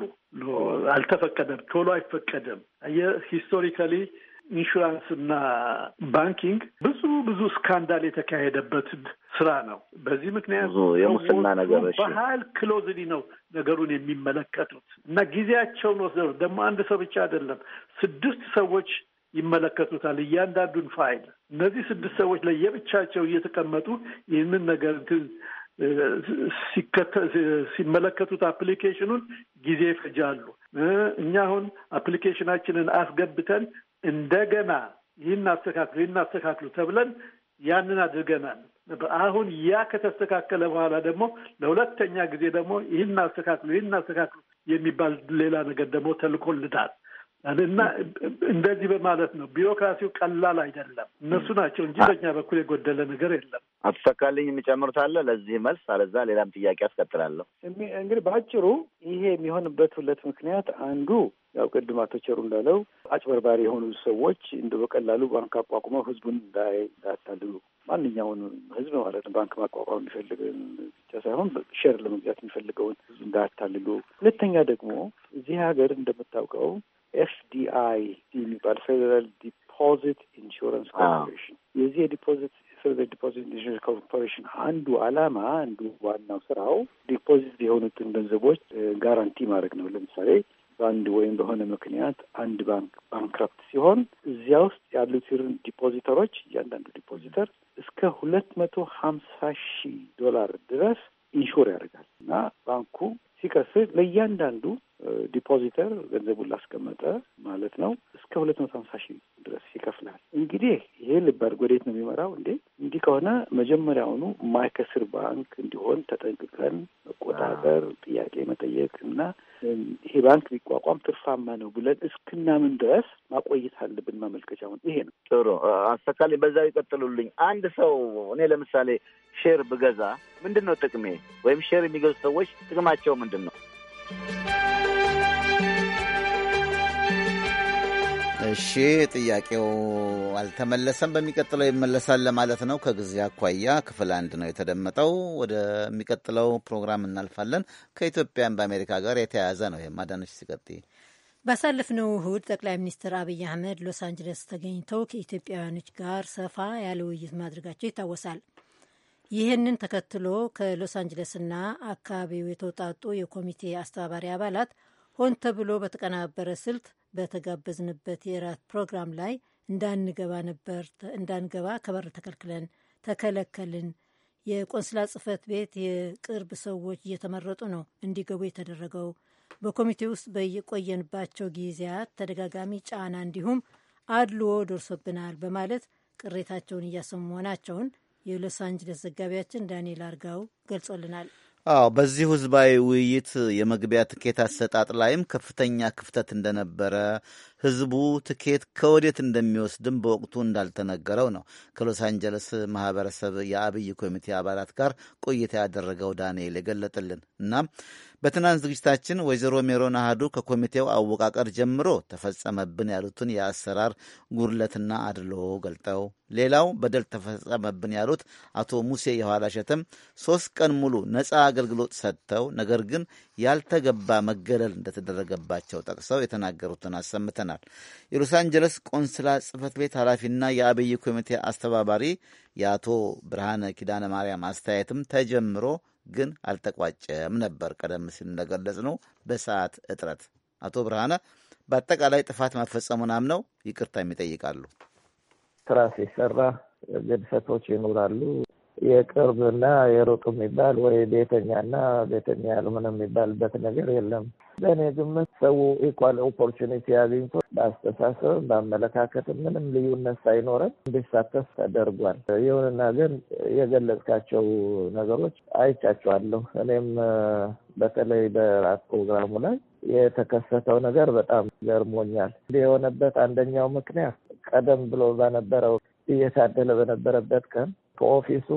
አልተፈቀደም፣ ቶሎ አይፈቀደም። የሂስቶሪካሊ ኢንሹራንስ እና ባንኪንግ ብዙ ብዙ ስካንዳል የተካሄደበት ስራ ነው። በዚህ ምክንያት የሙስና ነገር ክሎዝሊ ነው ነገሩን የሚመለከቱት እና ጊዜያቸውን ወስደው ደግሞ አንድ ሰው ብቻ አይደለም ስድስት ሰዎች ይመለከቱታል እያንዳንዱን ፋይል። እነዚህ ስድስት ሰዎች ለየብቻቸው እየተቀመጡ ይህንን ነገር ሲመለከቱት አፕሊኬሽኑን ጊዜ ይፈጃሉ። እኛ አሁን አፕሊኬሽናችንን አስገብተን እንደገና ይህን አስተካክሉ ይህን አስተካክሉ ተብለን ያንን አድርገናል። አሁን ያ ከተስተካከለ በኋላ ደግሞ ለሁለተኛ ጊዜ ደግሞ ይህን አስተካክሉ ይህን አስተካክሉ የሚባል ሌላ ነገር ደግሞ ተልኮልናል። እና እንደዚህ በማለት ነው። ቢሮክራሲው ቀላል አይደለም። እነሱ ናቸው እንጂ በእኛ በኩል የጎደለ ነገር የለም። አቶ ተካልኝ የሚጨምሩት አለ ለዚህ መልስ፣ አለዛ ሌላም ጥያቄ አስቀጥላለሁ። እንግዲህ በአጭሩ ይሄ የሚሆንበት ሁለት ምክንያት አንዱ ያው ቅድም አቶ ቸሩ እንዳለው አጭበርባሪ የሆኑ ሰዎች እንደ በቀላሉ ባንክ አቋቁመው ህዝቡን እንዳያታልሉ ማንኛውን ህዝብ ማለት ነው ባንክ ማቋቋም የሚፈልግ ብቻ ሳይሆን ሼር ለመግዛት የሚፈልገውን ህዝብ እንዳያታልሉ። ሁለተኛ ደግሞ እዚህ ሀገር እንደምታውቀው ኤፍዲአይ የሚባል ፌደራል ዲፖዚት ኢንሹራንስ ኮርፖሬሽን የዚህ የዲፖዚት ፌደራል ዲፖዚት ኢንሹራንስ ኮርፖሬሽን አንዱ አላማ አንዱ ዋናው ስራው ዲፖዚት የሆኑትን ገንዘቦች ጋራንቲ ማድረግ ነው። ለምሳሌ በአንድ ወይም በሆነ ምክንያት አንድ ባንክ ባንክረፕት ሲሆን እዚያ ውስጥ ያሉትን ዲፖዚተሮች እያንዳንዱ ዲፖዚተር እስከ ሁለት መቶ ሀምሳ ሺህ ዶላር ድረስ ኢንሹር ያደርጋል እና ባንኩ ሲከስር ለእያንዳንዱ ዲፖዚተር ገንዘቡን ላስቀመጠ ማለት ነው እስከ ሁለት መቶ ሀምሳ ሺህ ድረስ ይከፍላል። እንግዲህ ይሄ ልባድ ወዴት ነው የሚመራው? እንዴ እንዲህ ከሆነ መጀመሪያውኑ ማይከስር ባንክ እንዲሆን ተጠንቅቀን መቆጣጠር፣ ጥያቄ መጠየቅ እና ይሄ ባንክ ቢቋቋም ትርፋማ ነው ብለን እስክናምን ድረስ ማቆየት አለብን። ማመልከቻውን ይሄ ነው ጥሩ አስተካሌ፣ በዛው ይቀጥሉልኝ። አንድ ሰው እኔ ለምሳሌ ሼር ብገዛ ምንድን ነው ጥቅሜ? ወይም ሼር የሚገዙ ሰዎች ጥቅማቸው ምንድን ምንድን ነው? እሺ ጥያቄው አልተመለሰም። በሚቀጥለው ይመለሳል ለማለት ነው። ከጊዜ አኳያ ክፍል አንድ ነው የተደመጠው። ወደሚቀጥለው ፕሮግራም እናልፋለን። ከኢትዮጵያን በአሜሪካ ጋር የተያያዘ ነው። ይህም አዳነች ሲቀጥይ ባሳለፍነው እሁድ ጠቅላይ ሚኒስትር አብይ አህመድ ሎስ አንጀለስ ተገኝተው ከኢትዮጵያውያኖች ጋር ሰፋ ያለ ውይይት ማድረጋቸው ይታወሳል። ይህንን ተከትሎ ከሎስ አንጅለስና አካባቢው የተውጣጡ የኮሚቴ አስተባባሪ አባላት ሆን ተብሎ በተቀናበረ ስልት በተጋበዝንበት የራት ፕሮግራም ላይ እንዳንገባ ነበር እንዳንገባ ከበር ተከልክለን ተከለከልን። የቆንስላ ጽህፈት ቤት የቅርብ ሰዎች እየተመረጡ ነው እንዲገቡ የተደረገው። በኮሚቴ ውስጥ በየቆየንባቸው ጊዜያት ተደጋጋሚ ጫና እንዲሁም አድልዎ ደርሶብናል በማለት ቅሬታቸውን እያሰሙ መሆናቸውን የሎስ አንጅለስ ዘጋቢያችን ዳንኤል አርጋው ገልጾልናል። አዎ በዚሁ ህዝባዊ ውይይት የመግቢያ ትኬት አሰጣጥ ላይም ከፍተኛ ክፍተት እንደነበረ ህዝቡ ትኬት ከወዴት እንደሚወስድም በወቅቱ እንዳልተነገረው ነው ከሎስ አንጀለስ ማህበረሰብ የአብይ ኮሚቴ አባላት ጋር ቆይታ ያደረገው ዳንኤል የገለጥልን። እናም በትናንት ዝግጅታችን ወይዘሮ ሜሮን አህዱ ከኮሚቴው አወቃቀር ጀምሮ ተፈጸመብን ያሉትን የአሰራር ጉድለትና አድሎ ገልጠው፣ ሌላው በደል ተፈጸመብን ያሉት አቶ ሙሴ የኋላ ሸተም ሶስት ቀን ሙሉ ነፃ አገልግሎት ሰጥተው ነገር ግን ያልተገባ መገለል እንደተደረገባቸው ጠቅሰው የተናገሩትን አሰምተናል። የሎስ አንጀለስ ቆንስላ ጽህፈት ቤት ኃላፊና የአብይ ኮሚቴ አስተባባሪ የአቶ ብርሃነ ኪዳነ ማርያም አስተያየትም ተጀምሮ ግን አልተቋጨም ነበር። ቀደም ሲል እንደገለጽ ነው በሰዓት እጥረት። አቶ ብርሃነ በአጠቃላይ ጥፋት መፈጸሙን አምነው ይቅርታ ይጠይቃሉ። ስራ ሲሰራ ግድፈቶች ይኖራሉ። የቅርብና የሩቅ የሚባል ወይ ቤተኛና ቤተኛ ያልሆነ የሚባልበት ነገር የለም። በእኔ ግምት ሰው ኢኳል ኦፖርቹኒቲ አግኝቶ በአስተሳሰብም በአመለካከትም ምንም ልዩነት ሳይኖረን እንዲሳተፍ ተደርጓል። ይሁንና ግን የገለጽካቸው ነገሮች አይቻቸዋለሁ። እኔም በተለይ በራት ፕሮግራሙ ላይ የተከሰተው ነገር በጣም ገርሞኛል። የሆነበት አንደኛው ምክንያት ቀደም ብሎ በነበረው እየታደለ በነበረበት ቀን ከኦፊሱ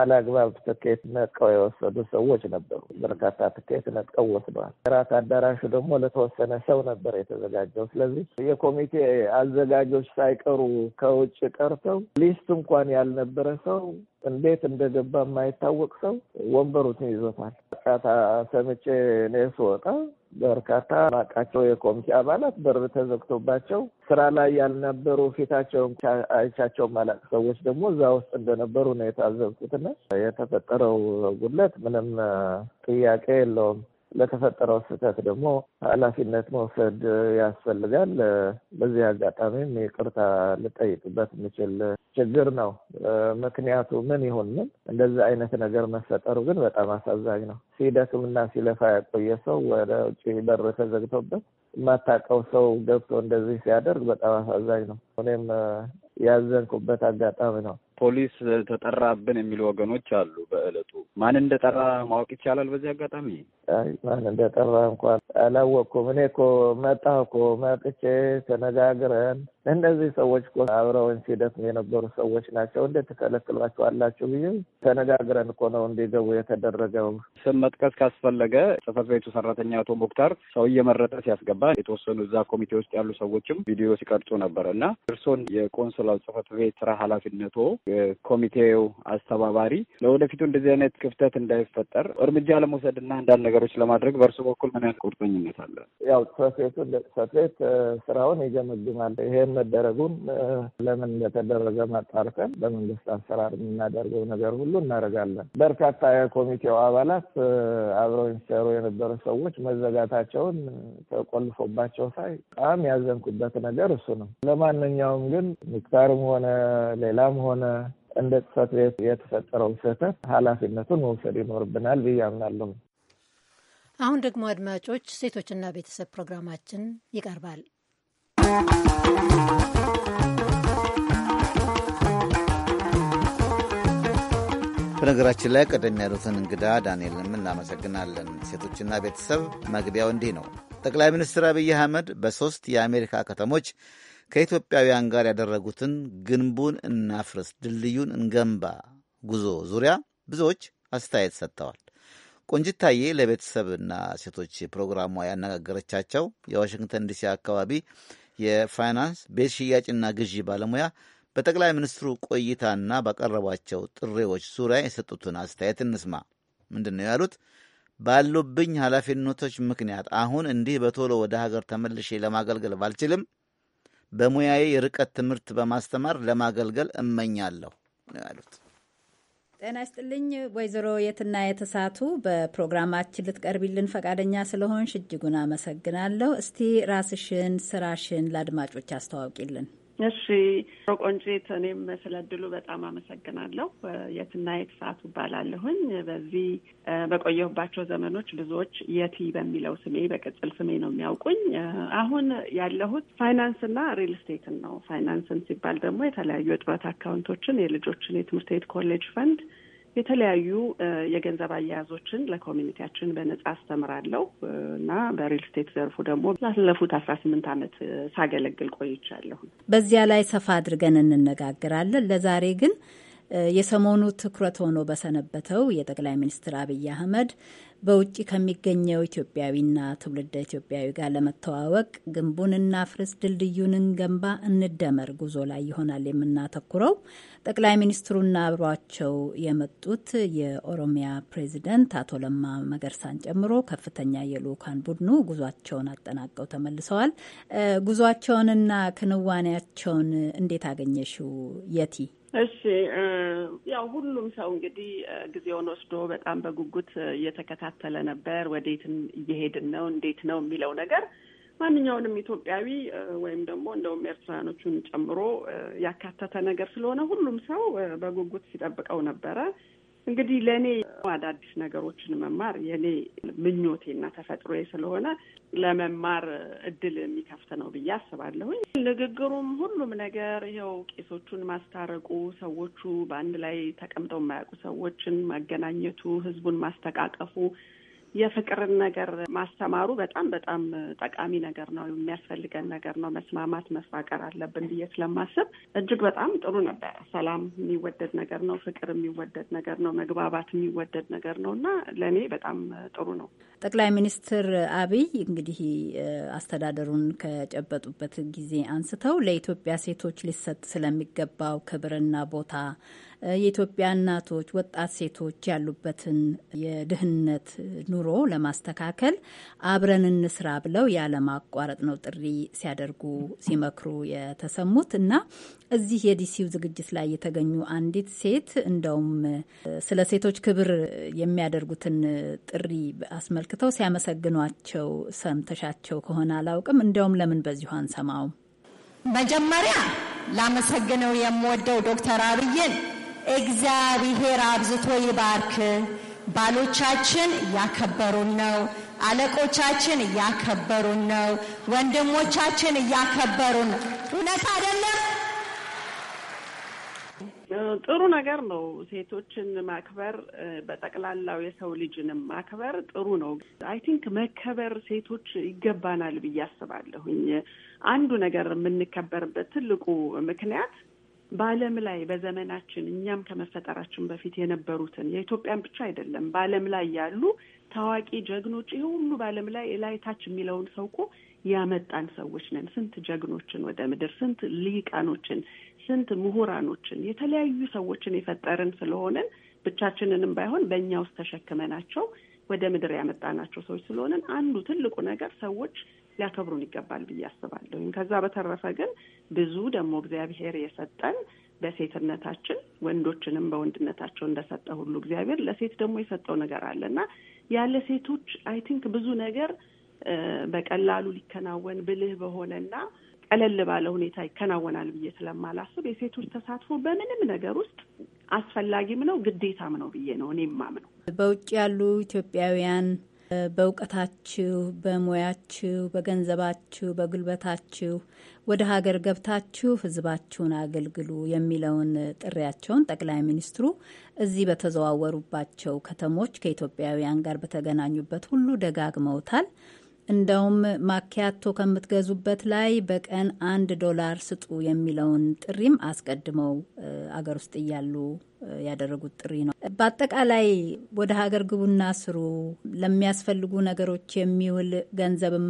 አላግባብ ትኬት ነጥቀው የወሰዱ ሰዎች ነበሩ። በርካታ ትኬት ነጥቀው ወስደዋል። እራት አዳራሹ ደግሞ ለተወሰነ ሰው ነበር የተዘጋጀው። ስለዚህ የኮሚቴ አዘጋጆች ሳይቀሩ ከውጭ ቀርተው ሊስት እንኳን ያልነበረ ሰው እንዴት እንደገባ የማይታወቅ ሰው ወንበሩትን ይዞታል። በርካታ ሰምቼ እኔ ስወጣ በርካታ ማቃቸው የኮሚቴ አባላት በር ተዘግቶባቸው ስራ ላይ ያልነበሩ ፊታቸውን አይቻቸው ማላቅ ሰዎች ደግሞ እዛ ውስጥ እንደነበሩ ነው የታዘብኩትና የተፈጠረው ጉድለት ምንም ጥያቄ የለውም። ለተፈጠረው ስህተት ደግሞ ኃላፊነት መውሰድ ያስፈልጋል። በዚህ አጋጣሚም ይቅርታ ልጠይቅበት የምችል ችግር ነው። ምክንያቱ ምን ይሁን ምን እንደዚህ አይነት ነገር መፈጠሩ ግን በጣም አሳዛኝ ነው። ሲደክምና ሲለፋ ያቆየ ሰው ወደ ውጭ በር ተዘግቶበት የማታውቀው ሰው ገብቶ እንደዚህ ሲያደርግ በጣም አሳዛኝ ነው። እኔም ያዘንኩበት አጋጣሚ ነው። ፖሊስ ተጠራብን የሚሉ ወገኖች አሉ። በእለቱ ማን እንደጠራ ማወቅ ይቻላል? በዚህ አጋጣሚ ማን እንደጠራ እንኳን አላወቅኩም። እኔ እኮ መጣሁ እኮ መጥቼ ተነጋግረን እነዚህ ሰዎች እኮ አብረውን ሲደክሙ የነበሩ ሰዎች ናቸው፣ እንዴት ትከለክሏቸዋላችሁ ብዬ ተነጋግረን እኮ ነው እንዲገቡ የተደረገው። ስም መጥቀስ ካስፈለገ ጽህፈት ቤቱ ሰራተኛ አቶ ሙክታር ሰው እየመረጠ ሲያስገባ የተወሰኑ እዛ ኮሚቴ ውስጥ ያሉ ሰዎችም ቪዲዮ ሲቀርጹ ነበር እና እርሶን የቆንስላው ጽሕፈት ቤት ስራ ኃላፊነቶ ኮሚቴው አስተባባሪ ለወደፊቱ እንደዚህ አይነት ክፍተት እንዳይፈጠር እርምጃ ለመውሰድ እና አንዳንድ ነገሮች ለማድረግ በእርሱ በኩል ምን ያህል ቁርጠኝነት አለ? ያው ሰፌቱ ሰፌት ስራውን ይገመግማል። ይሄን መደረጉን ለምን እንደተደረገ ማጣርተን በመንግስት አሰራር የምናደርገው ነገር ሁሉ እናደርጋለን። በርካታ የኮሚቴው አባላት አብረው የሚሰሩ የነበሩ ሰዎች መዘጋታቸውን ተቆልፎባቸው ሳይ በጣም ያዘንኩበት ነገር እሱ ነው። ለማንኛውም ግን ሚክታርም ሆነ ሌላም ሆነ እንደ ጽህፈት ቤት የተፈጠረው ስህተት ኃላፊነቱን መውሰድ ይኖርብናል ብዬ አምናለሁ። አሁን ደግሞ አድማጮች፣ ሴቶችና ቤተሰብ ፕሮግራማችን ይቀርባል። በነገራችን ላይ ቀደም ያሉትን እንግዳ ዳንኤልንም እናመሰግናለን። ሴቶችና ቤተሰብ መግቢያው እንዲህ ነው። ጠቅላይ ሚኒስትር አብይ አህመድ በሦስት የአሜሪካ ከተሞች ከኢትዮጵያውያን ጋር ያደረጉትን ግንቡን እናፍርስ፣ ድልድዩን እንገንባ ጉዞ ዙሪያ ብዙዎች አስተያየት ሰጥተዋል። ቆንጅታዬ ለቤተሰብና ሴቶች ፕሮግራሟ ያነጋገረቻቸው የዋሽንግተን ዲሲ አካባቢ የፋይናንስ ቤት ሽያጭና ግዢ ባለሙያ በጠቅላይ ሚኒስትሩ ቆይታና ባቀረቧቸው ጥሪዎች ዙሪያ የሰጡትን አስተያየት እንስማ። ምንድን ነው ያሉት? ባሉብኝ ኃላፊነቶች ምክንያት አሁን እንዲህ በቶሎ ወደ ሀገር ተመልሼ ለማገልገል ባልችልም በሙያዬ የርቀት ትምህርት በማስተማር ለማገልገል እመኛለሁ ነው ያሉት። ጤና ይስጥልኝ ወይዘሮ የትና የተሳቱ በፕሮግራማችን ልትቀርቢልን ፈቃደኛ ስለሆንሽ እጅጉን አመሰግናለሁ። እስቲ ራስሽን ስራሽን ለአድማጮች አስተዋውቂልን። እሺ ቆንጂት፣ እኔም ስለ እድሉ በጣም አመሰግናለሁ። የትናየት ሰዓቱ እባላለሁኝ። በዚህ በቆየሁባቸው ዘመኖች ብዙዎች የቲ በሚለው ስሜ በቅጽል ስሜ ነው የሚያውቁኝ። አሁን ያለሁት ፋይናንስና ሪል ስቴትን ነው። ፋይናንስን ሲባል ደግሞ የተለያዩ የጡረት አካውንቶችን፣ የልጆችን የትምህርት ቤት ኮሌጅ ፈንድ የተለያዩ የገንዘብ አያያዞችን ለኮሚኒቲያችን በነጻ አስተምራለሁ እና በሪል ስቴት ዘርፉ ደግሞ ላለፉት አስራ ስምንት ዓመት ሳገለግል ቆይቻለሁ። በዚያ ላይ ሰፋ አድርገን እንነጋገራለን። ለዛሬ ግን የሰሞኑ ትኩረት ሆኖ በሰነበተው የጠቅላይ ሚኒስትር አብይ አህመድ በውጭ ከሚገኘው ኢትዮጵያዊና ትውልደ ኢትዮጵያዊ ጋር ለመተዋወቅ ግንቡን እናፍርስ፣ ድልድዩን ገንባ እንደመር ጉዞ ላይ ይሆናል የምናተኩረው። ጠቅላይ ሚኒስትሩና አብሯቸው የመጡት የኦሮሚያ ፕሬዚደንት አቶ ለማ መገርሳን ጨምሮ ከፍተኛ የልኡካን ቡድኑ ጉዟቸውን አጠናቀው ተመልሰዋል። ጉዟቸውንና ክንዋኔያቸውን እንዴት አገኘሽው የቲ? እሺ ያው ሁሉም ሰው እንግዲህ ጊዜውን ወስዶ በጣም በጉጉት እየተከታተለ ነበር። ወዴትን እየሄድን ነው፣ እንዴት ነው የሚለው ነገር ማንኛውንም ኢትዮጵያዊ ወይም ደግሞ እንደውም ኤርትራኖቹን ጨምሮ ያካተተ ነገር ስለሆነ ሁሉም ሰው በጉጉት ሲጠብቀው ነበረ። እንግዲህ ለእኔ አዳዲስ ነገሮችን መማር የእኔ ምኞቴና ተፈጥሮዬ ስለሆነ ለመማር እድል የሚከፍት ነው ብዬ አስባለሁኝ። ንግግሩም፣ ሁሉም ነገር ይኸው ቄሶቹን ማስታረቁ፣ ሰዎቹ በአንድ ላይ ተቀምጠው የማያውቁ ሰዎችን ማገናኘቱ፣ ህዝቡን ማስተቃቀፉ የፍቅርን ነገር ማስተማሩ በጣም በጣም ጠቃሚ ነገር ነው፣ የሚያስፈልገን ነገር ነው። መስማማት መፋቀር አለብን ብዬ ስለማስብ እጅግ በጣም ጥሩ ነበር። ሰላም የሚወደድ ነገር ነው፣ ፍቅር የሚወደድ ነገር ነው፣ መግባባት የሚወደድ ነገር ነው እና ለእኔ በጣም ጥሩ ነው። ጠቅላይ ሚኒስትር አብይ እንግዲህ አስተዳደሩን ከጨበጡበት ጊዜ አንስተው ለኢትዮጵያ ሴቶች ሊሰጥ ስለሚገባው ክብርና ቦታ የኢትዮጵያ እናቶች፣ ወጣት ሴቶች ያሉበትን የድህነት ኑሮ ለማስተካከል አብረን እንስራ ብለው ያለማቋረጥ ነው ጥሪ ሲያደርጉ ሲመክሩ የተሰሙት እና እዚህ የዲሲው ዝግጅት ላይ የተገኙ አንዲት ሴት እንደውም ስለ ሴቶች ክብር የሚያደርጉትን ጥሪ አስመልክተው ሲያመሰግኗቸው ሰምተሻቸው ከሆነ አላውቅም። እንደውም ለምን በዚሁ አንሰማውም? መጀመሪያ ላመሰግነው የምወደው ዶክተር አብይን እግዚአብሔር አብዝቶ ይባርክ። ባሎቻችን እያከበሩን ነው። አለቆቻችን እያከበሩን ነው። ወንድሞቻችን እያከበሩን ነው። እውነት አይደለም? ጥሩ ነገር ነው። ሴቶችን ማክበር በጠቅላላው የሰው ልጅንም ማክበር ጥሩ ነው። አይ ቲንክ መከበር ሴቶች ይገባናል ብዬ አስባለሁኝ። አንዱ ነገር የምንከበርበት ትልቁ ምክንያት በዓለም ላይ በዘመናችን እኛም ከመፈጠራችን በፊት የነበሩትን የኢትዮጵያን ብቻ አይደለም፣ በዓለም ላይ ያሉ ታዋቂ ጀግኖች ይሄ ሁሉ በዓለም ላይ ላይታች የሚለውን ሰው እኮ ያመጣን ሰዎች ነን። ስንት ጀግኖችን ወደ ምድር፣ ስንት ሊቃኖችን ስንት ምሁራኖችን፣ የተለያዩ ሰዎችን የፈጠርን ስለሆነን ብቻችንንም ባይሆን በእኛ ውስጥ ተሸክመናቸው ወደ ምድር ያመጣናቸው ሰዎች ስለሆነን አንዱ ትልቁ ነገር ሰዎች ሊያከብሩን ይገባል ብዬ አስባለሁ። ከዛ በተረፈ ግን ብዙ ደግሞ እግዚአብሔር የሰጠን በሴትነታችን ወንዶችንም በወንድነታቸው እንደሰጠ ሁሉ እግዚአብሔር ለሴት ደግሞ የሰጠው ነገር አለ እና ያለ ሴቶች አይ ቲንክ ብዙ ነገር በቀላሉ ሊከናወን ብልህ በሆነና ቀለል ባለ ሁኔታ ይከናወናል ብዬ ስለማላስብ የሴቶች ተሳትፎ በምንም ነገር ውስጥ አስፈላጊም ነው ግዴታም ነው ብዬ ነው እኔም ማምነው። በውጭ ያሉ ኢትዮጵያውያን በእውቀታችሁ፣ በሙያችሁ፣ በገንዘባችሁ፣ በጉልበታችሁ ወደ ሀገር ገብታችሁ ህዝባችሁን አገልግሉ የሚለውን ጥሪያቸውን ጠቅላይ ሚኒስትሩ እዚህ በተዘዋወሩባቸው ከተሞች ከኢትዮጵያውያን ጋር በተገናኙበት ሁሉ ደጋግመውታል። እንደውም ማኪያቶ ከምትገዙበት ላይ በቀን አንድ ዶላር ስጡ የሚለውን ጥሪም አስቀድመው አገር ውስጥ እያሉ ያደረጉት ጥሪ ነው። በአጠቃላይ ወደ ሀገር ግቡና ስሩ፣ ለሚያስፈልጉ ነገሮች የሚውል ገንዘብም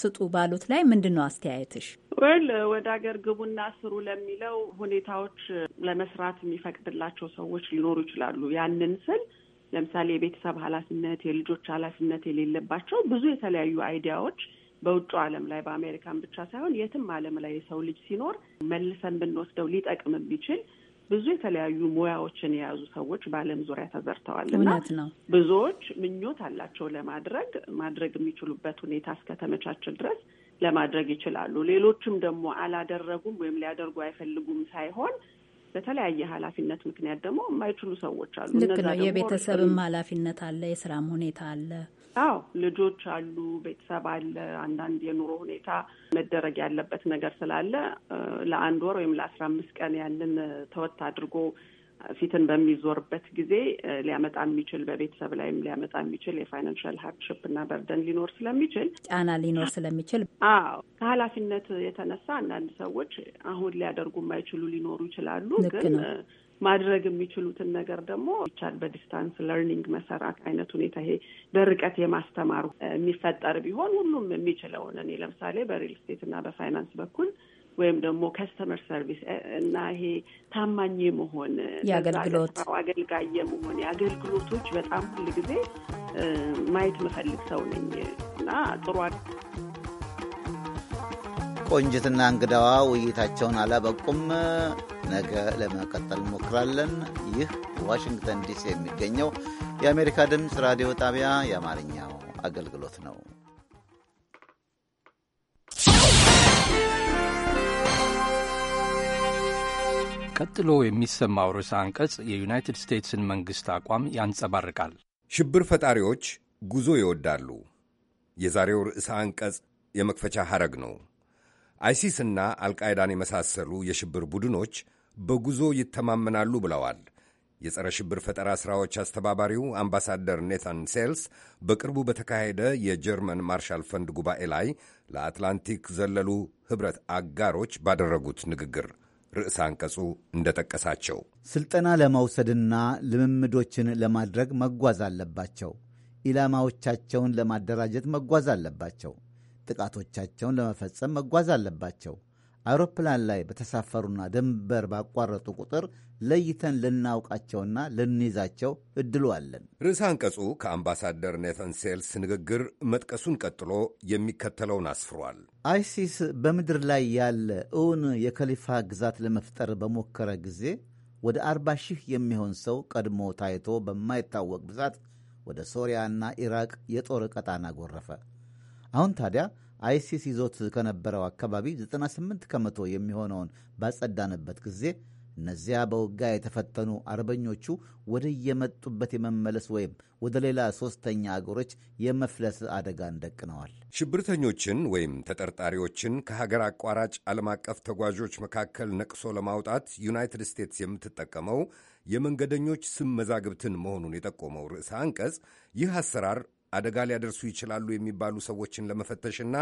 ስጡ ባሉት ላይ ምንድን ነው አስተያየትሽ? ወል ወደ ሀገር ግቡና ስሩ ለሚለው ሁኔታዎች ለመስራት የሚፈቅድላቸው ሰዎች ሊኖሩ ይችላሉ። ያንን ስል ለምሳሌ የቤተሰብ ኃላፊነት፣ የልጆች ኃላፊነት የሌለባቸው ብዙ የተለያዩ አይዲያዎች በውጭ ዓለም ላይ በአሜሪካን ብቻ ሳይሆን የትም ዓለም ላይ የሰው ልጅ ሲኖር መልሰን ብንወስደው ሊጠቅም ቢችል ብዙ የተለያዩ ሙያዎችን የያዙ ሰዎች በዓለም ዙሪያ ተዘርተዋል ነው። ብዙዎች ምኞት አላቸው ለማድረግ ማድረግ የሚችሉበት ሁኔታ እስከተመቻቸ ድረስ ለማድረግ ይችላሉ። ሌሎችም ደግሞ አላደረጉም ወይም ሊያደርጉ አይፈልጉም ሳይሆን በተለያየ ኃላፊነት ምክንያት ደግሞ የማይችሉ ሰዎች አሉ። ልክ ነው። የቤተሰብም ኃላፊነት አለ፣ የስራም ሁኔታ አለ። አዎ ልጆች አሉ፣ ቤተሰብ አለ። አንዳንድ የኑሮ ሁኔታ መደረግ ያለበት ነገር ስላለ ለአንድ ወር ወይም ለአስራ አምስት ቀን ያንን ተወት አድርጎ ፊትን በሚዞርበት ጊዜ ሊያመጣ የሚችል በቤተሰብ ላይም ሊያመጣ የሚችል የፋይናንሻል ሀርድሽፕ እና በርደን ሊኖር ስለሚችል ጫና ሊኖር ስለሚችል፣ አዎ ከኃላፊነት የተነሳ አንዳንድ ሰዎች አሁን ሊያደርጉ የማይችሉ ሊኖሩ ይችላሉ ግን ማድረግ የሚችሉትን ነገር ደግሞ ይቻል በዲስታንስ ለርኒንግ መሰራት አይነት ሁኔታ ይሄ በርቀት የማስተማሩ የሚፈጠር ቢሆን ሁሉም የሚችለውን እኔ ለምሳሌ በሪል ስቴት እና በፋይናንስ በኩል ወይም ደግሞ ከስተመር ሰርቪስ እና ይሄ ታማኝ መሆን የአገልግሎት አገልጋይ የመሆን የአገልግሎቶች በጣም ሁል ጊዜ ማየት መፈልግ ሰው ነኝ እና ጥሩ ቆንጅትና እንግዳዋ ውይይታቸውን አላበቁም። ነገ ለመቀጠል እንሞክራለን። ይህ ዋሽንግተን ዲሲ የሚገኘው የአሜሪካ ድምፅ ራዲዮ ጣቢያ የአማርኛው አገልግሎት ነው። ቀጥሎ የሚሰማው ርዕሰ አንቀጽ የዩናይትድ ስቴትስን መንግሥት አቋም ያንጸባርቃል። ሽብር ፈጣሪዎች ጉዞ ይወዳሉ። የዛሬው ርዕሰ አንቀጽ የመክፈቻ ሐረግ ነው። አይሲስና አልቃይዳን የመሳሰሉ የሽብር ቡድኖች በጉዞ ይተማመናሉ ብለዋል። የጸረ ሽብር ፈጠራ ሥራዎች አስተባባሪው አምባሳደር ኔታን ሴልስ በቅርቡ በተካሄደ የጀርመን ማርሻል ፈንድ ጉባኤ ላይ ለአትላንቲክ ዘለሉ ኅብረት አጋሮች ባደረጉት ንግግር ርዕሰ አንቀጹ እንደጠቀሳቸው ስልጠና ለመውሰድና ልምምዶችን ለማድረግ መጓዝ አለባቸው። ኢላማዎቻቸውን ለማደራጀት መጓዝ አለባቸው። ጥቃቶቻቸውን ለመፈጸም መጓዝ አለባቸው። አውሮፕላን ላይ በተሳፈሩና ድንበር ባቋረጡ ቁጥር ለይተን ልናውቃቸውና ልንይዛቸው እድሉ አለን። ርዕሰ አንቀጹ ከአምባሳደር ኔተን ሴልስ ንግግር መጥቀሱን ቀጥሎ የሚከተለውን አስፍሯል። አይሲስ በምድር ላይ ያለ እውን የከሊፋ ግዛት ለመፍጠር በሞከረ ጊዜ ወደ አርባ ሺህ የሚሆን ሰው ቀድሞ ታይቶ በማይታወቅ ብዛት ወደ ሶሪያና ኢራቅ የጦር ቀጣና ጎረፈ። አሁን ታዲያ አይሲስ ይዞት ከነበረው አካባቢ 98 ከመቶ የሚሆነውን ባጸዳንበት ጊዜ እነዚያ በውጋ የተፈተኑ አርበኞቹ ወደ የመጡበት የመመለስ ወይም ወደ ሌላ ሦስተኛ አገሮች የመፍለስ አደጋን ደቅነዋል። ሽብርተኞችን ወይም ተጠርጣሪዎችን ከሀገር አቋራጭ ዓለም አቀፍ ተጓዦች መካከል ነቅሶ ለማውጣት ዩናይትድ ስቴትስ የምትጠቀመው የመንገደኞች ስም መዛግብትን መሆኑን የጠቆመው ርዕሰ አንቀጽ ይህ አሰራር አደጋ ሊያደርሱ ይችላሉ የሚባሉ ሰዎችን ለመፈተሽና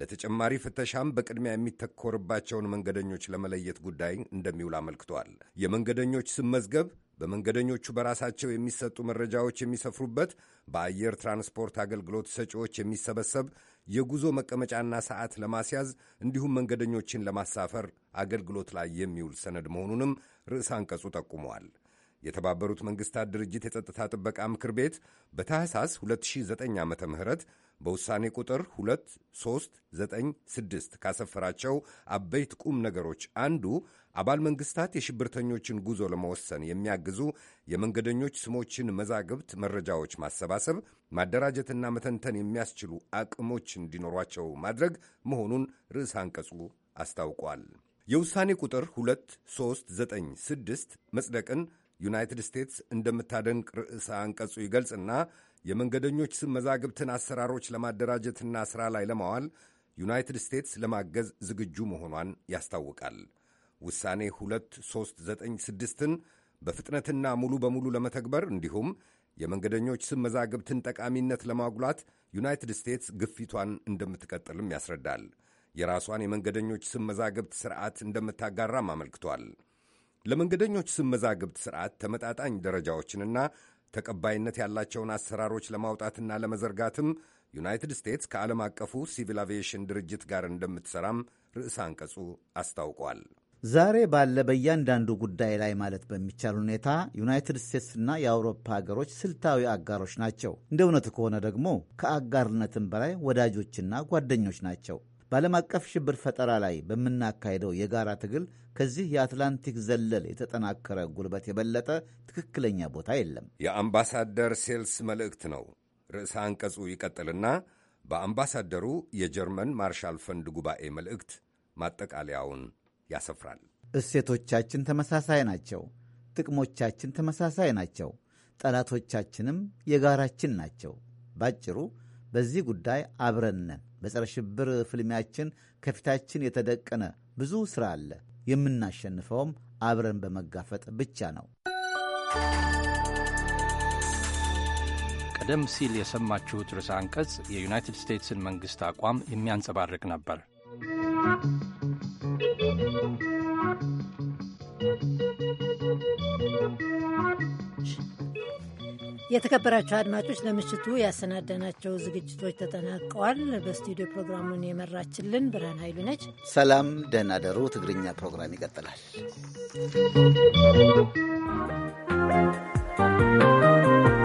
ለተጨማሪ ፍተሻም በቅድሚያ የሚተኮርባቸውን መንገደኞች ለመለየት ጉዳይ እንደሚውል አመልክቷል። የመንገደኞች ስም መዝገብ በመንገደኞቹ በራሳቸው የሚሰጡ መረጃዎች የሚሰፍሩበት በአየር ትራንስፖርት አገልግሎት ሰጪዎች የሚሰበሰብ የጉዞ መቀመጫና ሰዓት ለማስያዝ እንዲሁም መንገደኞችን ለማሳፈር አገልግሎት ላይ የሚውል ሰነድ መሆኑንም ርዕሰ አንቀጹ ጠቁመዋል። የተባበሩት መንግስታት ድርጅት የጸጥታ ጥበቃ ምክር ቤት በታህሳስ 2009 ዓ ም በውሳኔ ቁጥር 2396 ካሰፈራቸው አበይት ቁም ነገሮች አንዱ አባል መንግስታት የሽብርተኞችን ጉዞ ለመወሰን የሚያግዙ የመንገደኞች ስሞችን መዛግብት፣ መረጃዎች ማሰባሰብ፣ ማደራጀትና መተንተን የሚያስችሉ አቅሞች እንዲኖሯቸው ማድረግ መሆኑን ርዕስ አንቀጹ አስታውቋል። የውሳኔ ቁጥር 2396 መጽደቅን ዩናይትድ ስቴትስ እንደምታደንቅ ርዕሰ አንቀጹ ይገልጽና የመንገደኞች ስም መዛግብትን አሰራሮች ለማደራጀትና ሥራ ላይ ለማዋል ዩናይትድ ስቴትስ ለማገዝ ዝግጁ መሆኗን ያስታውቃል። ውሳኔ 2396ን በፍጥነትና ሙሉ በሙሉ ለመተግበር እንዲሁም የመንገደኞች ስም መዛግብትን ጠቃሚነት ለማጉላት ዩናይትድ ስቴትስ ግፊቷን እንደምትቀጥልም ያስረዳል። የራሷን የመንገደኞች ስም መዛግብት ስርዓት እንደምታጋራም አመልክቷል። ለመንገደኞች ስም መዛግብት ስርዓት ተመጣጣኝ ደረጃዎችንና ተቀባይነት ያላቸውን አሰራሮች ለማውጣትና ለመዘርጋትም ዩናይትድ ስቴትስ ከዓለም አቀፉ ሲቪል አቪዬሽን ድርጅት ጋር እንደምትሰራም ርዕሰ አንቀጹ አስታውቋል። ዛሬ ባለ በእያንዳንዱ ጉዳይ ላይ ማለት በሚቻል ሁኔታ ዩናይትድ ስቴትስና የአውሮፓ ሀገሮች ስልታዊ አጋሮች ናቸው። እንደ እውነቱ ከሆነ ደግሞ ከአጋርነትም በላይ ወዳጆችና ጓደኞች ናቸው። በዓለም አቀፍ ሽብር ፈጠራ ላይ በምናካሄደው የጋራ ትግል ከዚህ የአትላንቲክ ዘለል የተጠናከረ ጉልበት የበለጠ ትክክለኛ ቦታ የለም። የአምባሳደር ሴልስ መልእክት ነው። ርዕሰ አንቀጹ ይቀጥልና በአምባሳደሩ የጀርመን ማርሻል ፈንድ ጉባኤ መልእክት ማጠቃለያውን ያሰፍራል። እሴቶቻችን ተመሳሳይ ናቸው። ጥቅሞቻችን ተመሳሳይ ናቸው። ጠላቶቻችንም የጋራችን ናቸው። ባጭሩ በዚህ ጉዳይ አብረን ነን። በጸረ ሽብር ፍልሚያችን ከፊታችን የተደቀነ ብዙ ሥራ አለ። የምናሸንፈውም አብረን በመጋፈጥ ብቻ ነው። ቀደም ሲል የሰማችሁት ርዕሰ አንቀጽ የዩናይትድ ስቴትስን መንግሥት አቋም የሚያንጸባርቅ ነበር። የተከበራቸው አድማጮች ለምሽቱ ያሰናዳናቸው ዝግጅቶች ተጠናቀዋል። በስቱዲዮ ፕሮግራሙን የመራችልን ብርሃን ኃይሉ ነች። ሰላም ደህና ደሩ። ትግርኛ ፕሮግራም ይቀጥላል።